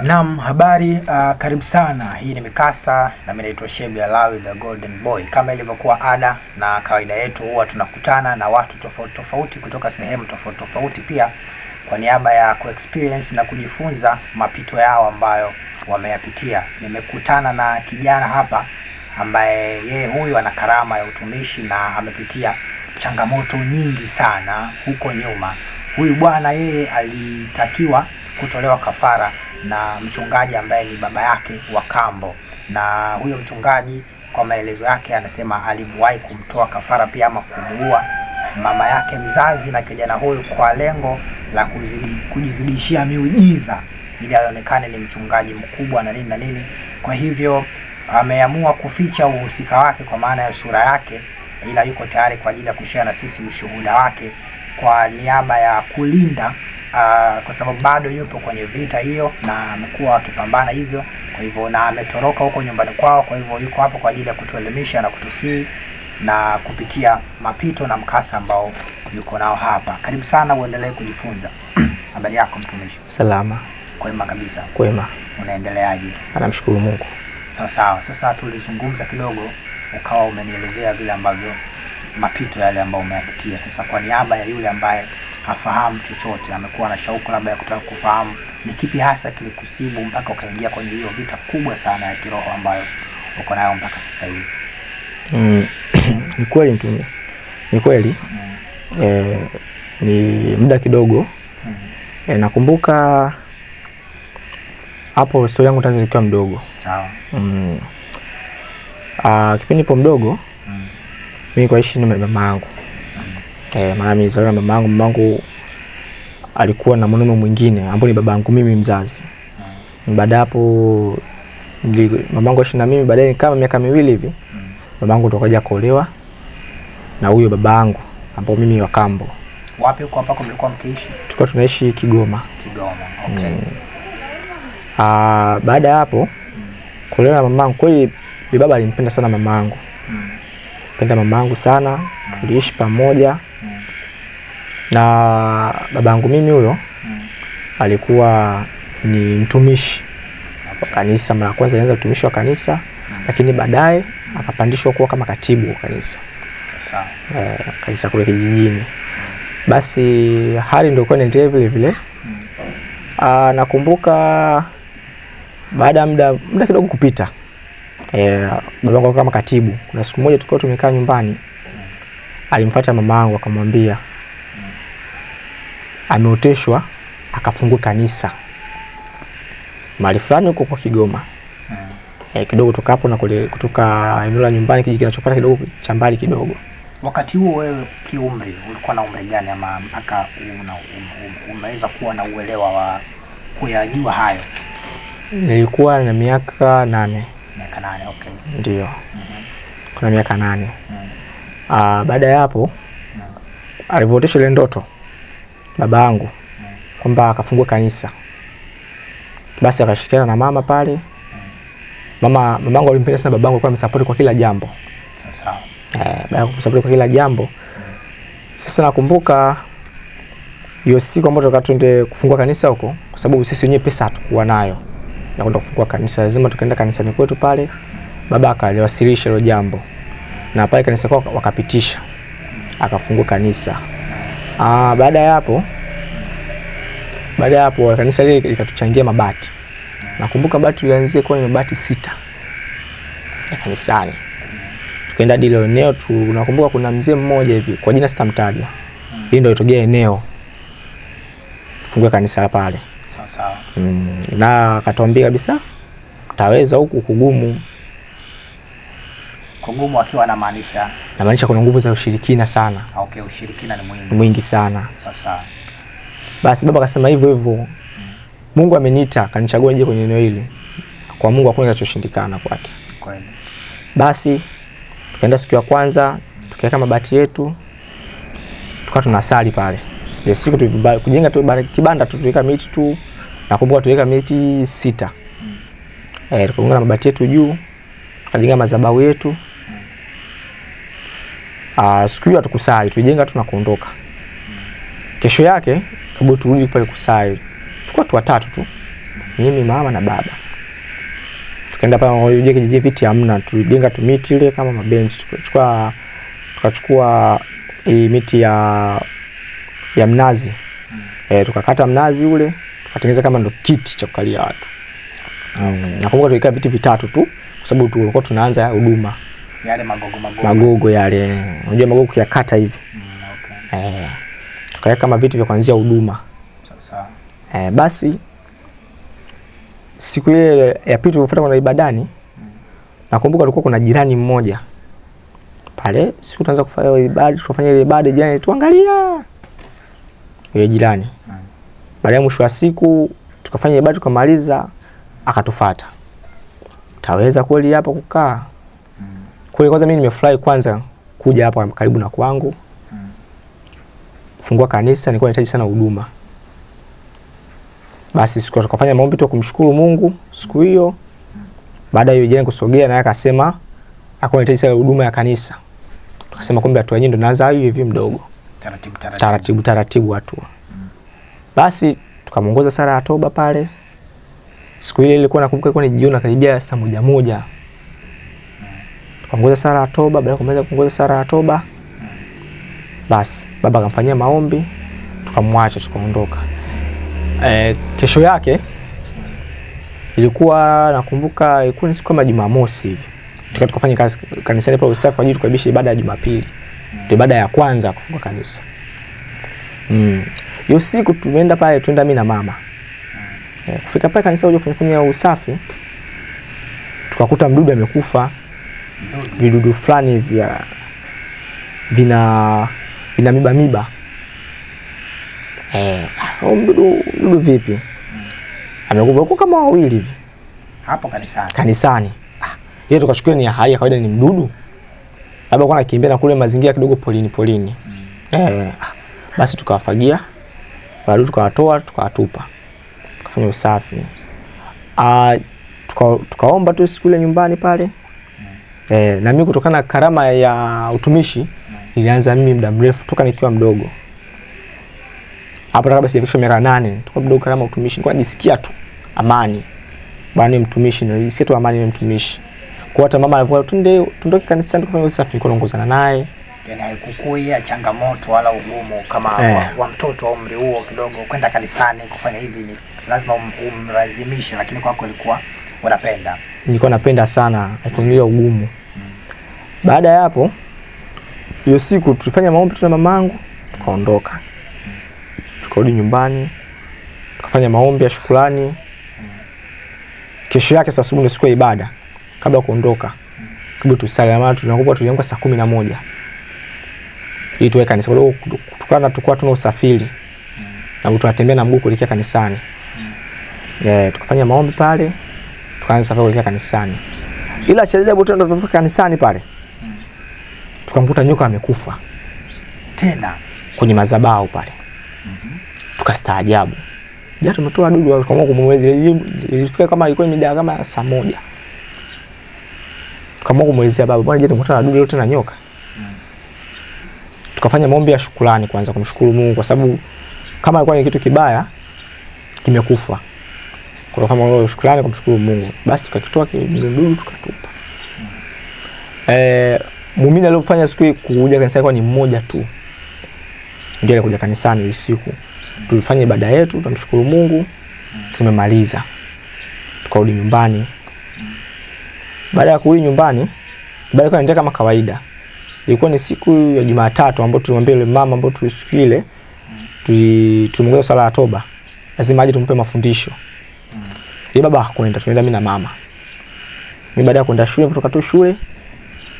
Naam, habari. Uh, karibu sana. Hii ni Mikasa na mimi naitwa Shebi Alawi the Golden Boy. Kama ilivyokuwa ada na kawaida yetu, huwa tunakutana na watu tofauti tofauti kutoka sehemu tofauti tofauti, pia kwa niaba ya experience na kujifunza mapito yao ambayo wameyapitia. Nimekutana na kijana hapa ambaye yeye huyu ana karama ya utumishi na amepitia changamoto nyingi sana huko nyuma. Huyu bwana yeye alitakiwa kutolewa kafara na mchungaji ambaye ni baba yake wa kambo, na huyo mchungaji kwa maelezo yake anasema alimwahi kumtoa kafara pia ama kumuua mama yake mzazi na kijana huyu kwa lengo la kuzidi, kujizidishia miujiza ili aonekane ni mchungaji mkubwa na nini na nini. Kwa hivyo ameamua kuficha uhusika wake kwa maana ya sura yake, ila yuko tayari kwa ajili ya kushare na sisi ushuhuda wake kwa niaba ya kulinda uh, kwa sababu bado yupo kwenye vita hiyo na amekuwa akipambana hivyo, kwa hivyo na ametoroka huko nyumbani kwao, kwa hivyo yuko hapo kwa ajili ya kutuelimisha na kutusii na kupitia mapito na mkasa ambao yuko nao hapa. Karibu sana, uendelee kujifunza. Habari yako mtumishi? Salama. Kwema kabisa. Kwema. Unaendeleaje? Anamshukuru Mungu. Sawa sawa. Sasa tulizungumza kidogo, ukawa umenielezea vile ambavyo mapito yale ambayo umeyapitia. Sasa kwa niaba ya yule ambaye hafahamu chochote, amekuwa na shauku labda ya kutaka kufahamu ni kipi hasa kilikusibu mpaka ukaingia kwenye hiyo vita kubwa sana ya kiroho ambayo uko nayo mpaka sasa hivi? Mm. ni kweli mtumia, ni kweli mm. E, ni muda kidogo mm. E, nakumbuka hapo stori yangu tanza nikiwa mdogo sawa. Mm. Ah, kipindi po mdogo mm. mi kwaishi na mama yangu eh, maana mimi nilizaliwa na mamangu, mamangu alikuwa na mwanaume mwingine ambaye ni babangu mimi mzazi. Mm. Baada hapo mamangu aishi na mimi, baadaye kama miaka miwili hivi mamangu mm. ndo kaja kuolewa na huyo babangu ambao mimi wa kambo. Wapi huko ambako mlikuwa mkiishi? Tulikuwa tunaishi Kigoma. Kigoma. Mm. Okay. Mm. Ah, baada hapo kuolewa na mamangu, kweli baba alimpenda sana mamangu. Mm. Penda mamangu sana, tuliishi pamoja Mm na babangu mimi huyo mm. alikuwa ni mtumishi okay. wa kanisa. Mara kwanza alianza utumishi wa kanisa mm. lakini baadaye akapandishwa kuwa kama katibu wa kanisa e, kanisa kule kijijini. Basi hali ndio kuwa inaendelea vile vile. Aa, ah, nakumbuka baada ya muda muda kidogo kupita eh, babangu kama katibu, kuna siku moja tukiwa tumekaa nyumbani, alimfuata mamangu akamwambia ameoteshwa akafungua kanisa mahali fulani huko kwa Kigoma yeah. Hmm. e, kidogo kutoka hapo na kule kutoka eneo la nyumbani kijiji kinachofuata kidogo cha mbali kidogo. Wakati huo wewe kiumri ulikuwa na umri gani, ama mpaka una, um, um umeweza kuwa na uelewa wa kuyajua hayo? Nilikuwa na miaka nane. Miaka nane, okay. Ndio. mm -hmm. Kuna miaka nane. mm. Aa, ah, baada ya hapo mm. alivyootesha ile ndoto mm baba yangu kwamba akafungua kanisa. Basi akashirikiana na mama pale. Mama mamangu alimpenda sana babangu, alikuwa amsapoti kwa kila jambo. Sawa. Eh, baada kumsapoti kwa kila jambo. Sasa nakumbuka hiyo siku ambayo tukatoka twende kufungua kanisa huko, kwa sababu sisi wenyewe pesa hatukuwa nayo na kwenda kufungua kanisa, lazima tukaenda kanisani kwetu pale. Baba akaliwasilisha hilo jambo na pale kanisa kwao wakapitisha, akafungua kanisa. Ah, baada ya hapo baada ya hapo kanisa lile likatuchangia mabati. Nakumbuka bati tulianzia kwa mabati sita ya kanisani. Tukaenda hadi ile eneo tu, nakumbuka kuna mzee mmoja hivi kwa jina sitamtaja. hii ndio alitogea eneo tufungue kanisa pale. Sawa sawa. Mm, na akatuambia kabisa taweza huku kugumu Kugumu akiwa anamaanisha namaanisha kuna nguvu za ushirikina sana. Ah, okay, ushirikina ni mwingi, mwingi sana. Sasa basi baba akasema hivyo hivyo, mm. Mungu ameniita akanichagua nije kwenye eneo hili, kwa Mungu hakuna kinachoshindikana kwake. Kweli. Basi tukaenda siku ya kwanza, tukaweka mabati yetu, tukawa tunasali pale ile siku kujenga tu kibanda tu, tuliweka miti tu, nakumbuka tuweka miti sita. Mm. Eh, tukaunga mabati yetu juu, tukajenga madhabahu yetu uh, ah, siku hiyo hatukusali, tulijenga tu na kuondoka. Kesho yake kabla turudi pale kusali, tulikuwa tu watatu tu, mimi mama na baba. Tukaenda pale wajenge oh, kijiji, viti hamna, tulijenga tu miti ile kama mabenchi, tukachukua tukachukua e, hii miti ya ya mnazi e, tukakata mnazi ule tukatengeneza kama ndo kiti cha kukalia watu. Okay. Mm. Nakumbuka tulikaa viti vitatu tu kwa sababu tulikuwa tunaanza huduma yale magogo magogo, magogo yale, unajua magogo ya hivi mm, okay. Eh, tukaweka kama vitu vya kuanzia huduma sasa. Eh, basi siku ile ya pili tulifuata kwenda ibadani mm. nakumbuka tulikuwa kuna jirani mmoja pale, siku tunaanza kufanya ibada, tukafanya ile ibada, jirani tuangalia yule jirani mm. ya mwisho wa siku tukafanya ibada tukamaliza, akatufata taweza kweli hapa kukaa? Kwa kwanza mimi nimefurahi kwanza kuja hapa karibu na kwangu. Kufungua kanisa nilikuwa nahitaji sana huduma. Basi siku tukafanya maombi tu kumshukuru Mungu siku hiyo. Baada hiyo jana kusogea naye akasema akawa nahitaji sana huduma ya kanisa. Tukasema kumbe hatua yenyewe ndo naanza hiyo hivi mdogo. Taratibu taratibu. Taratibu taratibu watu. Basi tukamuongoza sala ya toba pale. Siku ile ilikuwa nakumbuka ilikuwa ni jioni karibia saa moja moja tukaongoza sala ya toba. Baada ya kumaliza kuongoza sala ya toba, basi baba akamfanyia maombi, tukamwacha tukaondoka. E, kesho yake ilikuwa nakumbuka, ilikuwa ni siku kama Jumamosi hivi, tukawa kufanya kazi kanisani pale usafi kwa ajili tukaibisha ibada ya Jumapili, ndio ibada ya kwanza kwa kanisa mm. Hiyo siku tumeenda pale, tuenda mimi na mama e, kufika pale kanisa kuja kufanya usafi, tukakuta mdudu amekufa vidudu fulani vya vina vina miba miba eh, mdudu ah, mdudu vipi? Amekuwa kwa kama wawili hivi hapo kanisani, kanisani hiyo ah, tukachukua ni hali ya kawaida, ni mdudu labda kwa nakimbia na kule mazingira kidogo polini polini. Mm. Eh, basi tukawafagia wadudu, tukawatoa tukawatupa, tukafanya usafi ah, tuka, tukaomba tu siku ile nyumbani pale Eh, na mimi kutokana na karama ya utumishi ilianza mimi muda mrefu toka nikiwa mdogo. Hapo kabla sijafikisha miaka nane, toka mdogo karama utumishi nilikuwa najisikia tu amani. Bwana ni mtumishi, nilisikia tu amani ni mtumishi. Kwa hata mama alikuwa tunde tundoke kanisani kufanya usafi, nilikuwa naongozana naye. Yani haikukuia changamoto wala ugumu kama eh, wa, wa mtoto wa umri huo kidogo kwenda kanisani kufanya hivi ni lazima um, umlazimishe, lakini kwako ilikuwa Unapenda? Nilikuwa napenda sana nakumilia ugumu. Baada ya hapo hiyo siku tulifanya maombi tu na mamangu tukaondoka. Tukarudi nyumbani tukafanya maombi ya shukrani. Kesho yake saa asubuhi siku ya ibada kabla kuondoka. Kabla tusali na tunakuwa tuliamka saa kumi na moja ili tuwe kanisa, kwa tukana tukua tuna usafiri na tunatembea na mguu kuelekea kanisani. Eh, tukafanya maombi pale tukaanza safari kuelekea kanisani, ila cha ajabu tunavyofika kanisani pale tukamkuta nyoka amekufa tena kwenye madhabahu pale. Mhm. Tukastaajabu, jana tumetoa dudu, kama kumwezi Ilifika kama ilikuwa ni mida kama saa moja, tukaamua kumwezi baba, bwana, je, tumekuta na dudu na nyoka. Tukafanya maombi ya shukrani kwanza, kumshukuru Mungu kwa sababu kama alikuwa ni kitu kibaya kimekufa kutoka moyo wa kumshukuru Mungu. Basi tukakitoa tukatupa. Eh, muumini aliyofanya siku hii kuja kanisani kwa ni mmoja tu. Ndiye alikuja kanisani Tulifanya ibada yetu, Mungu, tumemaliza. Tukarudi nyumbani. Baada ya kurudi nyumbani, ibada ikaendelea kama kawaida. Ilikuwa ni siku ya Jumatatu ambayo tulimwambia yule mama ambayo tulisiku ile sala ya toba. Lazima aje tumpe mafundisho. Yeye baba hakwenda, tunaenda mimi na mama. Mimi baada ya kwenda shule, kutoka tu shule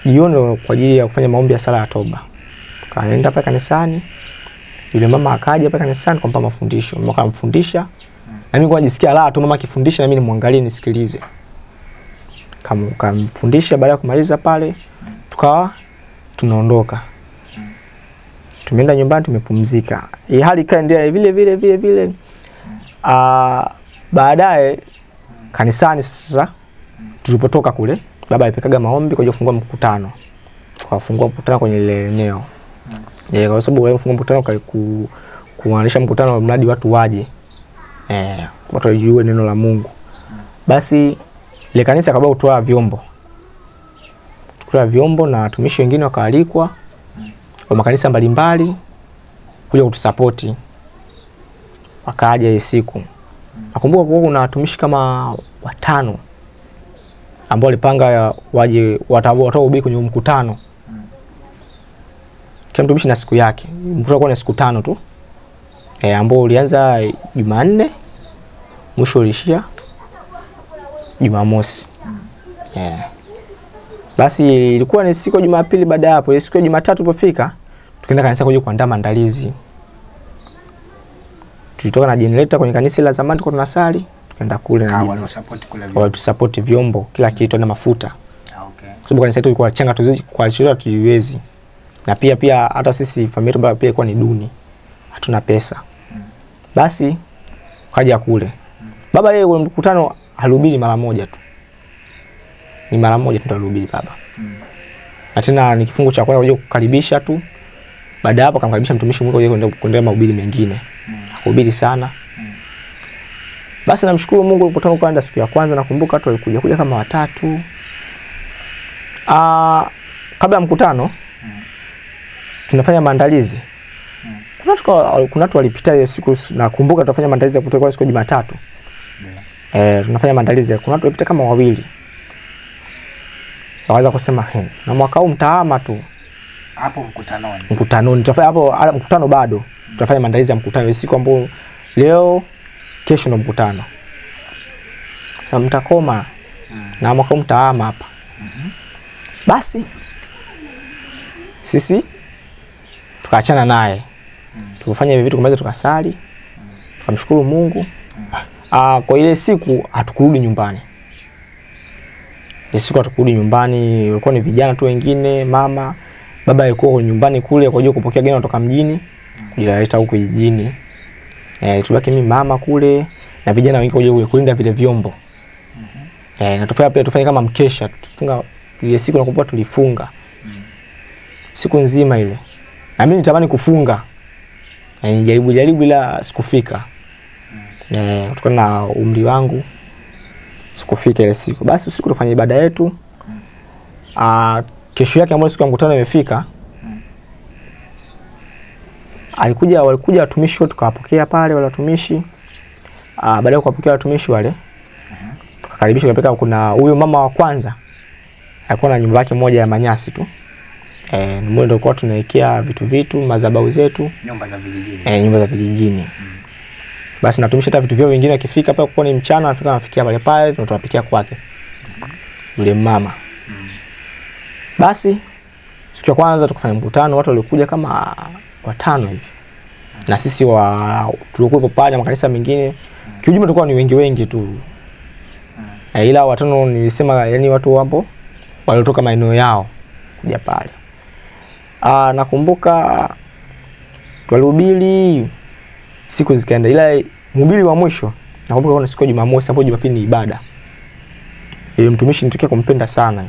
jioni kwa ajili ya kufanya maombi ya sala ya toba. Tukaenda pale kanisani. Yule mama akaja pale kanisani kumpa mafundisho. Mama akamfundisha. Na mimi kwa najisikia raha tu mama akifundisha na mimi nimwangalie nisikilize. Kama Kamfundisha baada ya kumaliza pale tukawa tunaondoka. Tumeenda nyumbani tumepumzika. Hii hali ikaendelea vile vile vile vile. Ah, baadaye Kanisani sasa tulipotoka kule, baba alipekaga maombi kwa kufungua mkutano, tukafungua mkutano kwenye ile eneo nice. Yeah, kwa sababu wewe mfungua mkutano kwa ku, kuanisha mkutano wa mradi watu waje eh, watu wajue neno la Mungu. Basi ile kanisa kabla utoa vyombo tukula vyombo na watumishi wengine wakaalikwa kwa makanisa mbalimbali kuja kutusapoti, wakaja hii siku. Nakumbuka kulikuwa kuna watumishi kama watano ambao walipanga waje watatoa ubii kwenye mkutano. Kila mtumishi na siku yake. Mkutano kwa siku tano tu. E, ambao ulianza Jumanne mwisho ulishia Jumamosi. Eh, Basi ilikuwa ni siku ya Jumapili baada hapo, siku ya Jumatatu ilipofika tukaenda kanisa kuja kuandaa maandalizi tulitoka na generator kwenye kanisa la zamani kwa tunasali tukaenda kule na ah, wale support kule vyombo. Wale vyombo kila kitu na mafuta. Ah, okay. Sababu kanisa letu ilikuwa changa tuzi kwa chochote tujiwezi. Na pia pia hata sisi familia yetu pia ilikuwa ni duni. Hatuna pesa. Mm. Basi kaja kule. Mm. Baba yeye kwenye mkutano alihubiri mara moja tu. Ni mara moja tu alihubiri baba. Mm. Na tena ni kifungo cha kwanza kukaribisha tu. Baada hapo akamkaribisha mtumishi mwingine kwenda kuendelea mahubiri mengine. Mm kuhubiri sana. Basi namshukuru Mungu, nilipotoka Uganda siku ya kwanza, nakumbuka watu walikuja kuja kama watatu. Aa, ah, kabla ya mkutano tunafanya maandalizi kuna watu walipita ile siku, nakumbuka tunafanya maandalizi ya kutoka siku ya Jumatatu. Yeah. E, tunafanya maandalizi, kuna watu walipita kama wawili, waweza kusema he, na mwaka huu mtaama tu hapo mkutanoni, mkutanoni tutafanya hapo ah, mkutano bado mm. tutafanya maandalizi ya mkutano siku ambayo leo kesho ndo mkutano. Sasa mtakoma mm. na mwaka mtaama hapa mm -hmm. basi sisi tukaachana naye mm. tukafanya hivi vitu kumaliza, tukasali mm. tukamshukuru Mungu mm. Aa, ah, kwa ile siku hatukurudi nyumbani ile siku hatukurudi nyumbani, ulikuwa ni vijana tu wengine, mama Baba alikuwa nyumbani kule kwa ajili kupokea geni kutoka mjini kujileta huko jijini. Eh, tubaki mimi mama kule na vijana wengi kwa ajili kulinda vile vyombo. Mm -hmm. Eh, na tufanya pia tufanye kama mkesha, tufunga ile siku nakumbuka tulifunga. Mm -hmm. Siku nzima ile. Na mimi nitamani kufunga. Na jaribu jaribu ila sikufika. Mm -hmm. Eh, kutokana na umri wangu sikufika ile siku. Basi usiku tufanye ibada yetu. Mm -hmm. Ah, kesho yake ambayo siku ya mkutano imefika, alikuja walikuja watumishi wote tukawapokea pale wale watumishi. Ah, baada ya kuwapokea watumishi wale tukakaribishwa kupeka. Kuna huyo mama wa kwanza alikuwa na nyumba yake moja ya manyasi tu eh, ndio tulikuwa tunaekea vitu vitu madhabahu zetu nyumba za vijijini eh, nyumba za vijijini mm. Basi natumisha hata vitu vyao vingine, akifika pale kwa ni mchana, anafika anafikia pale pale, tunapikia kwake yule mama basi siku ya kwanza tukafanya mkutano, watu walikuja kama watano hivi na sisi wa tulikuwa pale na makanisa mengine, kiujumla tulikuwa ni wengi wengi tu e, ila watano nilisema, yani watu wapo walitoka maeneo yao kuja pale. Ah, nakumbuka walihubiri siku zikaenda, ila mhubiri wa mwisho nakumbuka kuna siku ya Jumamosi ambapo Jumapili ni ibada, Yule mtumishi nitokea kumpenda sana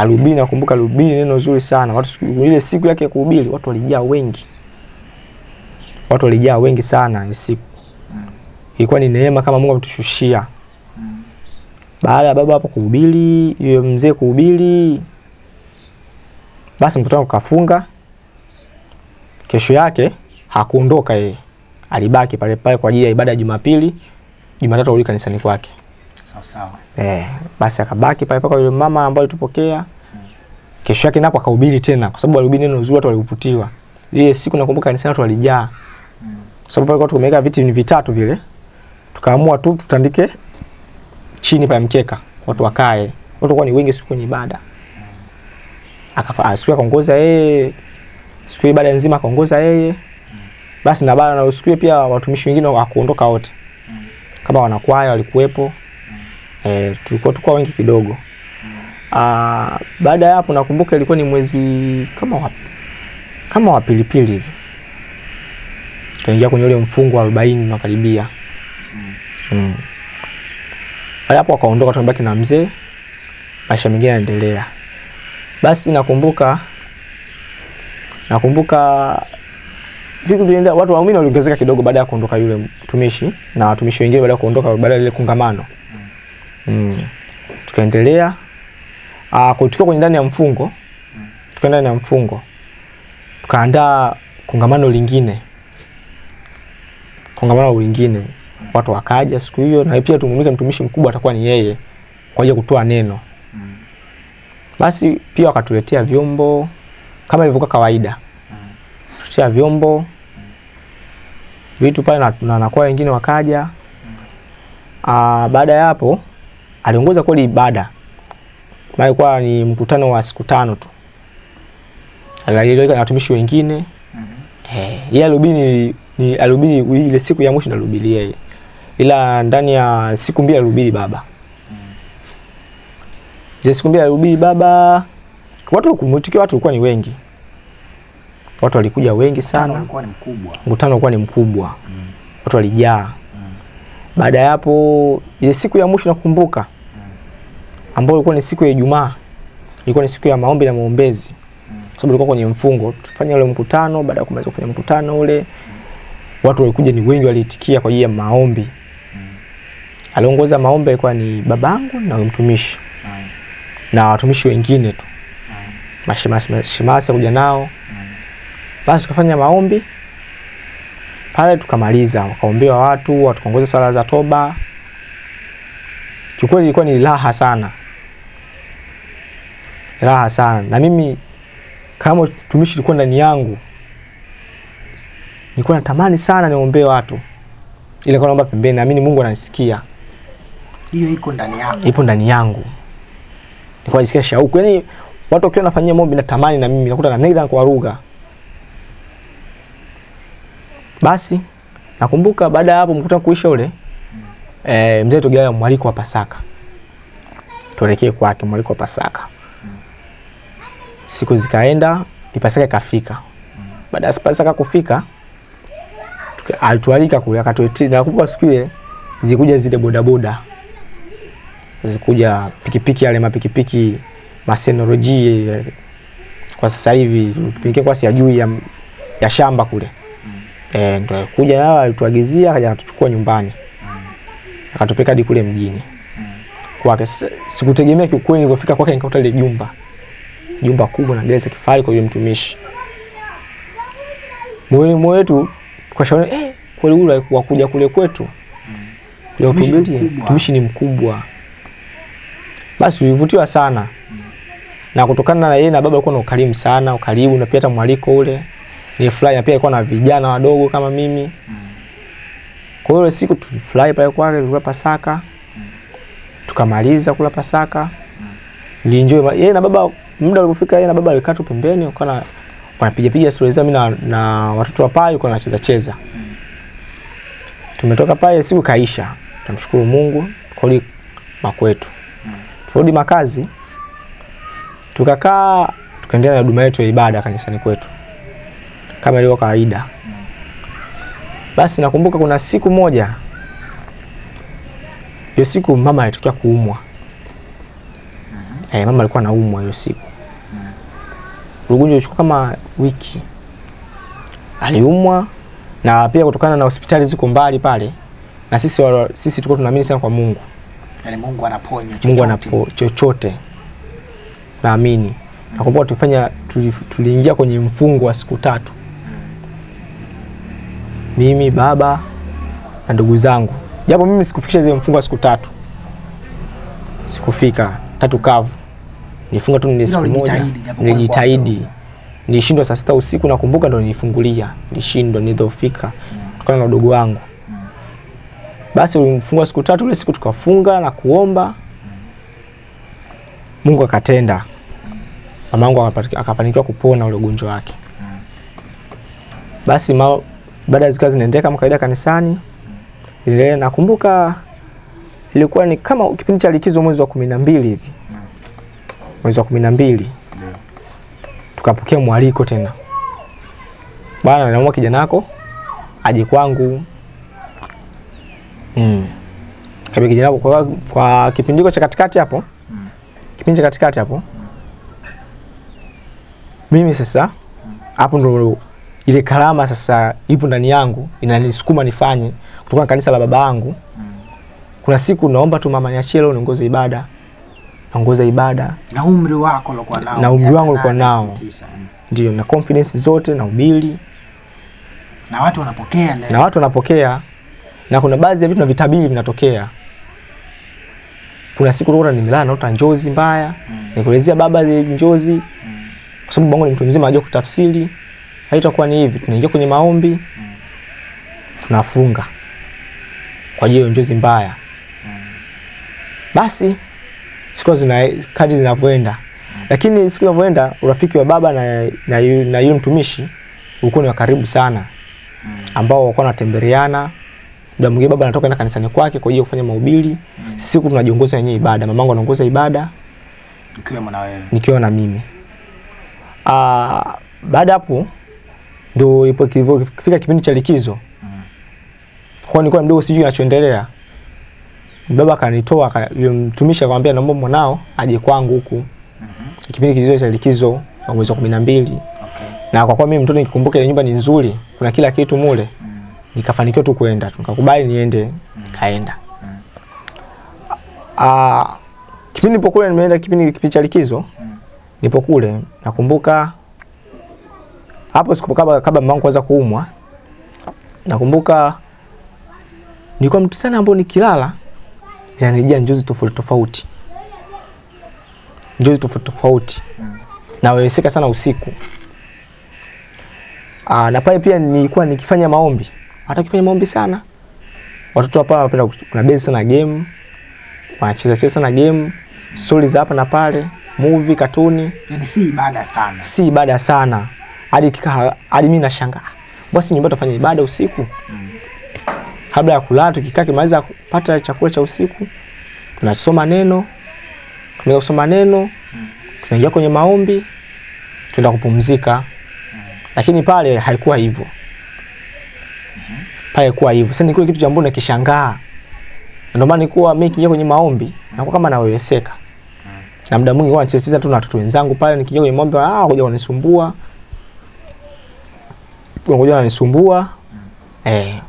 Alubini, nakumbuka alihubiri neno zuri sana. Watu siku ile siku yake ya kuhubiri watu walijaa wengi, watu walijaa wengi sana ile siku. Ilikuwa ni neema kama Mungu ametushushia. Baada ya baba hapo kuhubiri, yule mzee kuhubiri, basi mkutano ukafunga. Kesho yake hakuondoka yeye, alibaki pale pale kwa ajili ya ibada ya Jumapili. Jumatatu arudi kanisani kwake sawa. Eh, basi akabaki pale paka yule mama ambaye alitupokea. tupokea. Kesho yake napo akahubiri tena kwa sababu alihubiri neno zuri, watu walivutiwa. Ile siku nakumbuka kanisa watu walijaa. Kwa sababu pale tumeweka viti ni vitatu vile. Tukaamua tu tutandike chini pale mkeka watu wakae. Watu kwa ni wengi siku kwenye ibada. Akafa ah, siku akaongoza yeye. Siku ibada nzima akaongoza yeye. Basi na bana na usikie pia watumishi wengine wakaondoka wote. Kama wanakwaya walikuwepo, e, tulikuwa tuko wengi kidogo. Uh, baada ya hapo nakumbuka ilikuwa ni mwezi kama wa, kama wa pilipili hivi tukaingia kwenye ule mfungo wa na karibia. mm. Baada hapo akaondoka, tumebaki na mzee, maisha mengine yanaendelea. Basi nakumbuka nakumbuka vitu tulienda, watu waumini waliongezeka kidogo baada ya kuondoka yule mtumishi na watumishi wengine baada ya kuondoka, baada ya ile kongamano mm. tukaendelea ah, tukiwa kwenye ndani ya mfungo mm. tukaenda ndani ya mfungo tukaandaa kongamano lingine kongamano lingine watu wakaja siku hiyo, na pia tumumike mtumishi mkubwa atakuwa ni yeye kwa ajili kutoa neno. Basi pia wakatuletea vyombo kama ilivyokuwa kawaida, tuletea vyombo vitu pale na, na, na wengine wakaja. Ah, baada ya hapo aliongoza kweli ibada maikuwa ni mkutano wa siku tano tu alieleweka na watumishi wengine mm -hmm. eh, yeye alihubiri ni alihubiri ile siku ya mwisho alihubiri yeye ila ndani ya siku mbili alihubiri baba mm -hmm. siku mbili alihubiri baba watu kumwitikio watu walikuwa ni wengi watu walikuja wengi sana mkutano ulikuwa ni mkubwa, mkutano ulikuwa ni mkubwa. Mm. -hmm. watu walijaa baada ya hapo, ile siku ya mwisho nakumbuka, ambayo ilikuwa ni siku ya Ijumaa, ilikuwa ni siku ya maombi na maombezi, kwa sababu ilikuwa kwenye mfungo. Tufanya ule mkutano. Baada ya kumaliza kufanya mkutano ule, watu walikuja ni wengi, waliitikia kwa ajili ya maombi. Aliongoza maombi alikuwa ni babangu na mtumishi na watumishi wengine tu, mashimasi kuja nao, basi kafanya maombi pale tukamaliza, wakaombewa watu, watukongoze sala za toba. Kiukweli ilikuwa ni raha sana, raha sana. Na mimi kama tumishi ilikuwa ndani yangu, nilikuwa natamani sana niombee watu, ile kwa naomba pembeni, naamini Mungu ananisikia. Hiyo iko ndani yangu, ipo ndani yangu, nilikuwa nasikia shauku, yani watu wakiwa nafanyia maombi natamani na mimi nakuta na nenda kwa lugha basi nakumbuka baada ya hapo mkutano kuisha ule e, mzee tugawa mwaliko wa Pasaka, tuelekee kwake mwaliko wa Pasaka. Siku zikaenda, Pasaka ikafika. Baada ya Pasaka kufika, alitualika kule, akatuletea. Nakumbuka siku ile zikuja zile bodaboda, zikuja pikipiki, yale mapikipiki masenolojia kwa sasa hivi, pikipiki kwa sijui ya, ya shamba kule eh, ndo kuja hawa alituagizia akaja akatuchukua nyumbani mm. akatupeka hadi kule mjini mm. kwake. Sikutegemea kiukweli, nilipofika kwake nikakuta ile jumba jumba kubwa na gereza kifahari kwa yule mtumishi. Moyoni mwetu tukashauri eh, kweli yule kuja kule kwetu mm. mtumishi ni mkubwa. Basi tulivutiwa sana mm. na kutokana na yeye na baba alikuwa na ukarimu sana, ukaribu na pia hata mwaliko ule nilifurahi na pia alikuwa na vijana wadogo kama mimi. Kwa hiyo siku tulifurahi pale kwake, tulikula Pasaka, tukamaliza kula Pasaka, nilienjoy yeye na baba. Muda ulipofika, yeye na baba alikaa tu pembeni, wakawa wanapiga piga stori zao, mimi na, na watoto wa pale walikuwa wanacheza cheza. Tumetoka pale, siku kaisha, tumshukuru Mungu, kurudi makwetu. Tukarudi makazi, tukakaa tukaendelea na huduma yetu ya ibada kanisani kwetu kama ilivyo kawaida. Basi nakumbuka kuna siku moja, hiyo siku mama alitokea kuumwa. Eh, mama alikuwa anaumwa hiyo siku. Ugonjwa ulichukua kama wiki, aliumwa na pia kutokana na hospitali ziko mbali pale, na sisi wala, sisi tulikuwa tunaamini sana kwa Mungu. Yaani Mungu anaponya chochote. Mungu anapo chochote. Naamini. Nakumbuka tulifanya tuliingia kwenye mfungo wa siku tatu mimi baba na ndugu zangu, japo mimi sikufikisha zile mfungo siku tatu, sikufika tatu kavu, nifunga tu nile siku moja, nilijitahidi nilishindwa saa sita usiku nakumbuka, ndo nilifungulia, nilishindwa, nilidhofika kutokana na udogo wangu. Basi ulifungua siku tatu, ile siku tukafunga na kuomba, Mungu akatenda, mamangu akafanikiwa kupona ule ugonjwa wake. Basi baada ya zikawa zinaendelea kama kawaida kanisani zinaendelea. Nakumbuka ilikuwa ni kama kipindi cha likizo mwezi wa kumi na mbili hivi, mwezi wa kumi na mbili tukapokea mwaliko tena, bwana, naomba kijana wako aje kwangu mm. Kabe kijana wako kwa, kwa kipindi cha katikati hapo mm. kipindi cha katikati hapo mimi sasa hapo ndo ile karama sasa ipo ndani yangu inanisukuma nifanye kutokana kanisa la baba yangu. Kuna siku naomba tu mama niachie leo niongoze ibada, naongoza ibada na umri wako ulikuwa nao, na umri wangu ulikuwa nao, mm. ndio na confidence zote na ubili na watu wanapokea ne? na watu wanapokea, na kuna baadhi ya vitu na vitabiri vinatokea. Kuna siku nilikuwa nimelala naota njozi mbaya mm. nikuelezea baba njozi mm. kwa sababu bangu ni mtu mzima anajua kutafsiri haitakuwa ni hivi, tunaingia kwenye maombi tunafunga kwa ajili ya njozi mbaya. Basi siku zina kadi zinavyoenda, lakini siku zinavyoenda urafiki wa baba na, na, na yule mtumishi ulikuwa ni wa karibu sana, ambao walikuwa wanatembeleana muda mwingine baba anatoka na kanisani kwake kwa ajili ya kufanya mahubiri. Mm. Sisi tunajiongoza wenyewe ibada, mamangu anaongoza ibada nikiwa na wewe, nikiwa na mimi. Ah, baada hapo ndo ipo kivyo kifika kipindi cha likizo mm. kwa nilikuwa mdogo, sijui kinachoendelea. Baba akanitoa akamtumisha, akamwambia naomba mwanao aje kwangu huku mm -hmm. kipindi kizuri cha likizo kwa mwezi wa 12 okay. na kwa kuwa mimi mtoto nikikumbuka ile nyumba ni nzuri, kuna kila kitu mule mm. nikafanikiwa tu kwenda, nikakubali niende mm. nikaenda mm. Ah, kipindi nilipokule nimeenda kipindi kipindi cha likizo mm. nilipokule nakumbuka hapo siku kabla kabla mamangu kuanza kuumwa, nakumbuka nilikuwa mtu sana ambao nikilala inanijia njozi tofauti tofauti, njozi tofauti tofauti, hmm. naweweseka sana usiku. Aa, ah, na pale pia nilikuwa nikifanya maombi, hata kifanya maombi sana. Watoto hapa wanapenda kuna base sana game, wanacheza cheza sana game, stories hapa na pale, movie, katuni. Yani si ibada sana, si ibada sana hadi kika hadi mimi nashangaa, basi nyumba tufanye ibada usiku kabla ya kulala. Tukikaa kimaliza kupata chakula cha usiku, tunasoma neno, tunaweza kusoma neno, tunaingia kwenye maombi, tunaenda kupumzika. Lakini pale haikuwa hivyo, pale kuwa hivyo. Sasa nilikuwa kitu cha mbona kishangaa, ndio maana nilikuwa mimi kingia kwenye maombi na kwa kama naweweseka na muda mwingi huwa nacheza tu na watoto wenzangu pale, nikija kwenye maombi, ah, kuja wanisumbua ngoja ananisumbua mm. eh.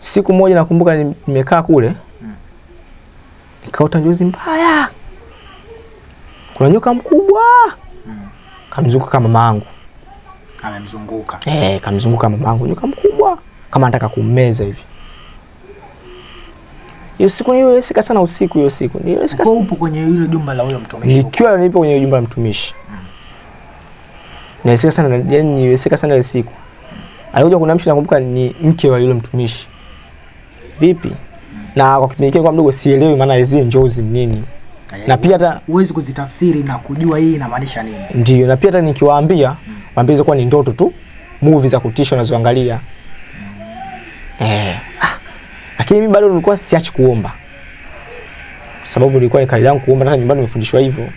Siku moja nakumbuka nimekaa kule mm. nikaota njozi mbaya, kuna nyoka mkubwa mm. kamzunguka mama yangu amemzunguka eh, kamzunguka mama yangu, nyoka mkubwa kama anataka kummeza hivi. Hiyo siku sika sana usiku, hiyo siku sika Upo kwenye hilo jumba la huyo mtumishi? Nikiwa nipo kwenye jumba la mtumishi Inawezeka sana, yani niwezeka sana ile siku. Alikuja kunamshi, nakumbuka ni mke wa yule mtumishi. Vipi? Na kwa kipindi kwa mdogo sielewi maana hizi njozi nini. Kaya, na pia hata huwezi kuzitafsiri na kujua hii inamaanisha nini. Ndio, na pia hata nikiwaambia mm. waambie hizo kwa ni ndoto tu, movie za kutisha unazoangalia. Mm. Eh. Lakini ah. mimi bado nilikuwa siachi kuomba. sababu nilikuwa ni kaida yangu kuomba, na nyumbani nimefundishwa hivyo.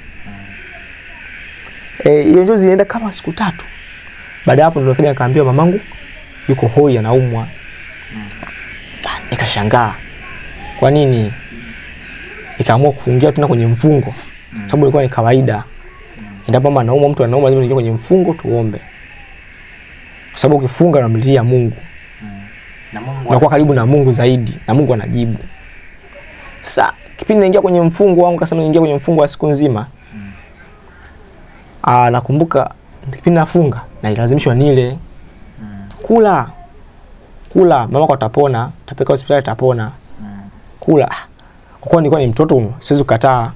Eh, hiyo njozi inaenda kama siku tatu. Baada hapo ndo nikaja nikaambiwa mamangu yuko hoi anaumwa. Mm. Nikashangaa kwa nini nikaamua kufungia tena kwenye mfungo, Mm. sababu ilikuwa ni kawaida Mm. endapo mama anaumwa, mtu anaumwa, lazima ingie kwenye mfungo tuombe, kwa sababu ukifunga unamlilia Mungu Mm. na Mungu unakuwa karibu na Mungu zaidi, na Mungu anajibu. Sa kipindi naingia kwenye mfungo wangu, kasema naingia kwenye mfungo wa siku nzima, Ah, nakumbuka kipindi nafunga ilazimishwa nile kula kula, mama kwa tapona, tapeka hospitali tapona kula kwa kuwa nilikuwa ni mtoto siwezi kukataa.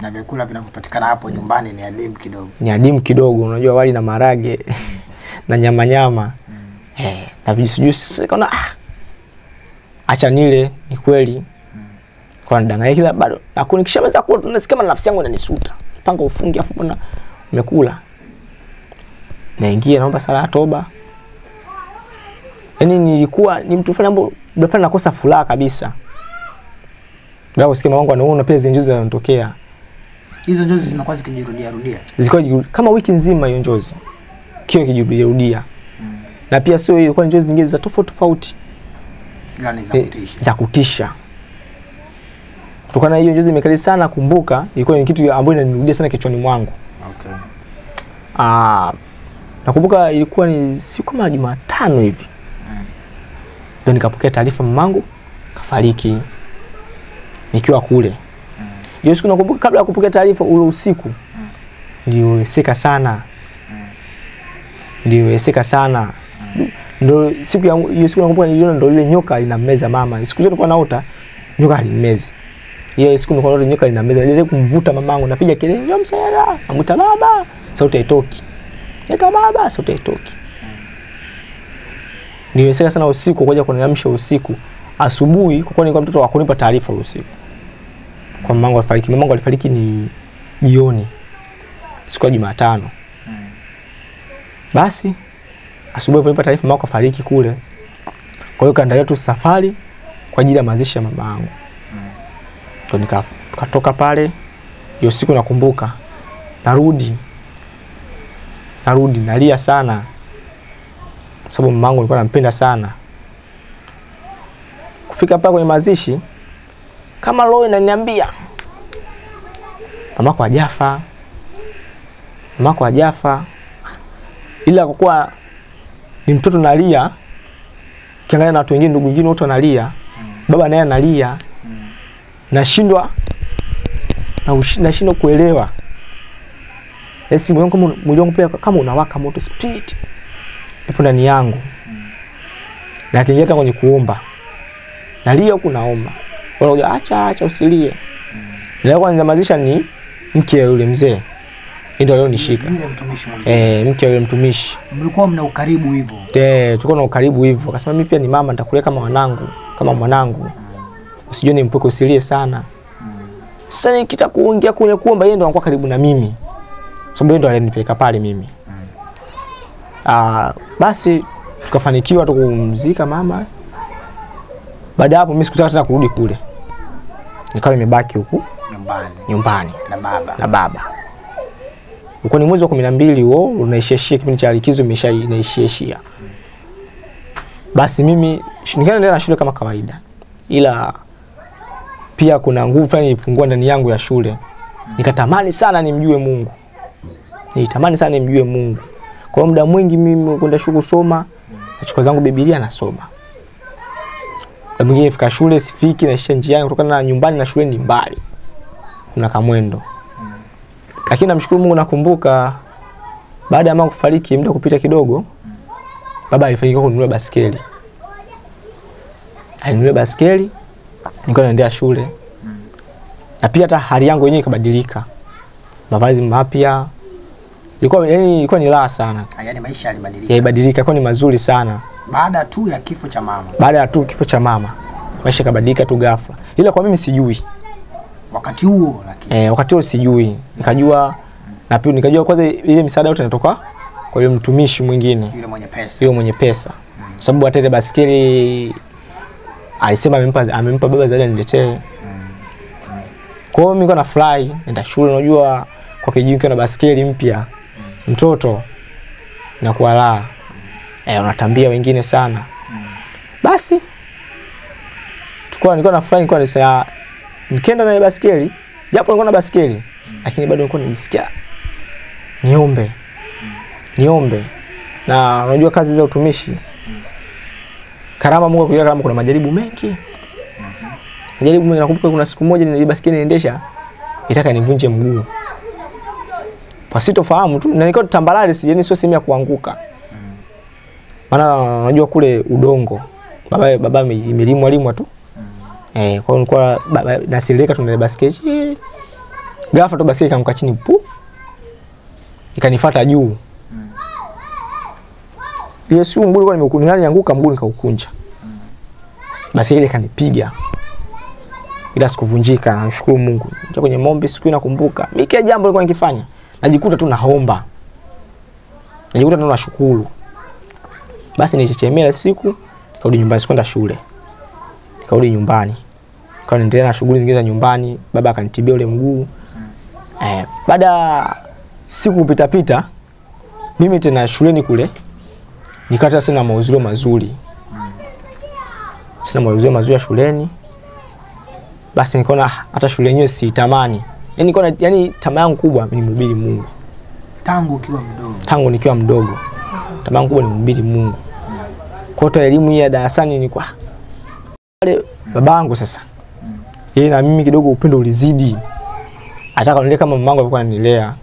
Na vyakula vinavyopatikana hapo nyumbani ni adimu kidogo, ni adimu kidogo, unajua wali na marage na nyama nyama mm. hey, eh, na vijusijusi. sikona. ah, acha nile, ni kweli mm. kwa ndanga kila bado, Na kishameza kula tunasikia nafsi yangu inanisuta mpango ufungi afu mbona umekula? Naingia naomba sala toba. Yani nilikuwa ni mtu fulani ambaye muda fulani nakosa furaha kabisa. Ndio usikie mama wangu anaona pia zile njozi zinatokea. Hizo njozi zinakuwa zikijirudia rudia. Zilikuwa kama wiki nzima hiyo njozi. Kio kijirudia rudia. Mm. Na pia sio hiyo, kwa njozi nyingine za tofauti tofauti. Ila ni za eh, kutisha. za kutisha kutokana hiyo njozi imekali sana, kumbuka ilikuwa ni kitu ambayo inanirudia sana kichwani mwangu. Okay. Ah, nakumbuka ilikuwa ni siku kama Jumatano hivi. Mm. Ndio nikapokea taarifa mamangu kafariki nikiwa kule. Mm. Hiyo siku nakumbuka kabla ya kupokea taarifa ule usiku mm. sika sana. ndio sika sana. Mm. Ndio siku ya hiyo siku nakumbuka niliona ndio ile nyoka inammeza mama. Siku zote kwa naota nyoka alimmeza. Mm yeye siku nilikuwa nyoka ina meza. Ile kumvuta mamangu napiga kelele, "Njoo msera." Amwita baba. Sauti haitoki. Eta baba, sauti haitoki. Niwezeka sana usiku kuja kuniamsha usiku. Asubuhi kwa kuwa nilikuwa mtoto wa taarifa usiku. Kwa mamangu alifariki. Mamangu alifariki ni jioni. Siku ya Jumatano. Basi asubuhi alivyonipa taarifa mama kafariki kule. Kwa hiyo kaandalia tu safari kwa ajili ya mazishi ya mama yangu ndo nikatoka pale hiyo siku nakumbuka, narudi narudi nalia sana, sababu mamangu alikuwa nampenda sana. Kufika pale kwenye mazishi, kama roho inaniambia mamako ajafa mamako ajafa ila kwa ni mtoto nalia, kiangalia na watu wengine, ndugu wengine wote wanalia, baba naye analia nashindwa nashindwa kuelewa eh, yes, mwili wangu pia kama unawaka moto spirit ipo ndani yangu na akiingia kwenye kuomba nalia huku naomba, wanakuja acha acha, usilie. leo kwanza mazisha ni mke wa yule mzee, ndio leo nishika yule mtumishi mwingine eh, mke wa yule mtumishi. Mlikuwa mna ukaribu hivyo? Eh, tulikuwa na ukaribu hivyo. Akasema mimi pia ni mama, nitakulea kama wanangu, kama mwanangu usijione mpweke, usilie sana. Sasa nikita kuongea kwenye kuomba, yeye ndo anakuwa karibu na mimi, sababu yeye ndo alinipeleka pale mimi. Ah, basi tukafanikiwa tukumzika mama. Baada hapo mimi sikutaka tena kurudi kule, nikawa nimebaki huku nyumbani, nyumbani na baba, na baba. uko ni mwezi wa kumi na mbili huo, unaisheshia kipindi cha likizo imesha inaisheshia. Basi mimi nikaendelea na shule kama kawaida, ila pia kuna nguvu fulani ilipungua ndani yangu ya shule, nikatamani sana nimjue Mungu, nilitamani sana nimjue Mungu. Kwa hiyo muda mwingi mimi kwenda shule kusoma, nachukua zangu Biblia nasoma. Na mwingine fika shule sifiki, naisha njiani, kutokana na nyumbani na shule ni mbali, kuna kamwendo. Lakini namshukuru Mungu, nakumbuka baada ya mama kufariki, muda kupita kidogo, baba alifanikiwa kununua baskeli, Alinunua baskeli nilikuwa naendea shule mm. na pia hata hali yangu yenyewe ikabadilika, mavazi mapya ilikuwa yani, ilikuwa ni raha sana. Ah, yani, maisha yalibadilika. Yalibadilika, ilikuwa ni mazuri sana. Baada tu ya kifo cha mama. Baada ya tu kifo cha mama. Maisha kabadilika tu ghafla. Ila kwa mimi sijui. Wakati huo lakini. Eh, wakati huo sijui. Nikajua mm. na pia nikajua kwanza ile misaada yote inatoka kwa yule mtumishi mwingine. Yule mwenye pesa. Yule mwenye pesa. Mm. Sababu hata ile baskeli alisema amempa, amempa baba zaidi aniletee. Mm. Kwa hiyo mimi na fly nenda shule, unajua kwa kijiji kuna baskeli mpya, mm. mtoto na kuala mm. eh, unatambia wengine sana. Basi tukua niko na fly, niko nisa nikienda na baskeli, japo niko na baskeli lakini bado niko najisikia niombe niombe, na unajua kazi za utumishi karama Mungu kuiweka karama kuna majaribu mengi. Majaribu mengi nakumbuka kuna siku moja nili basikeli niendesha itaka nivunje mguu. Kwa sitofahamu tu na nilikuwa tambalale si yani sio sehemu ya kuanguka. Maana unajua kule udongo baba baba imelimwa limwa tu. Eh, kwa hiyo nilikuwa nasilika tunaenda basikeli. Ghafla tu basikeli ikanguka chini pu. Ikanifuata juu. PSU mguu ulikuwa nimeukuni yani anguka mguu nikaukunja. Basi ile kanipiga. Ila sikuvunjika, namshukuru Mungu. Nje kwenye mombi siku nakumbuka. Mimi kile jambo nilikuwa nikifanya, najikuta tu naomba. Najikuta tu nashukuru. Basi nilichechemea siku, nikarudi nyumbani sikwenda shule. Nikarudi nyumbani. Kwa niendelea na shughuli zingine za nyumbani, baba akanitibia ule mguu. Eh, baada siku kupita pita mimi tena shuleni kule nikata sina mahudhurio mazuri, sina mahudhurio mazuri ya shuleni. Basi nikaona ah, hata shule yenyewe siitamani, yani nikaona, yani tamaa yangu kubwa ni mhubiri Mungu tangu ukiwa mdogo, tangu nikiwa mdogo, tamaa yangu kubwa ni mhubiri Mungu. Kwa hiyo elimu hii ya darasani ni kwa pale babangu sasa yeye na mimi kidogo upendo ulizidi, ataka nilea kama mamangu alikuwa ananilea.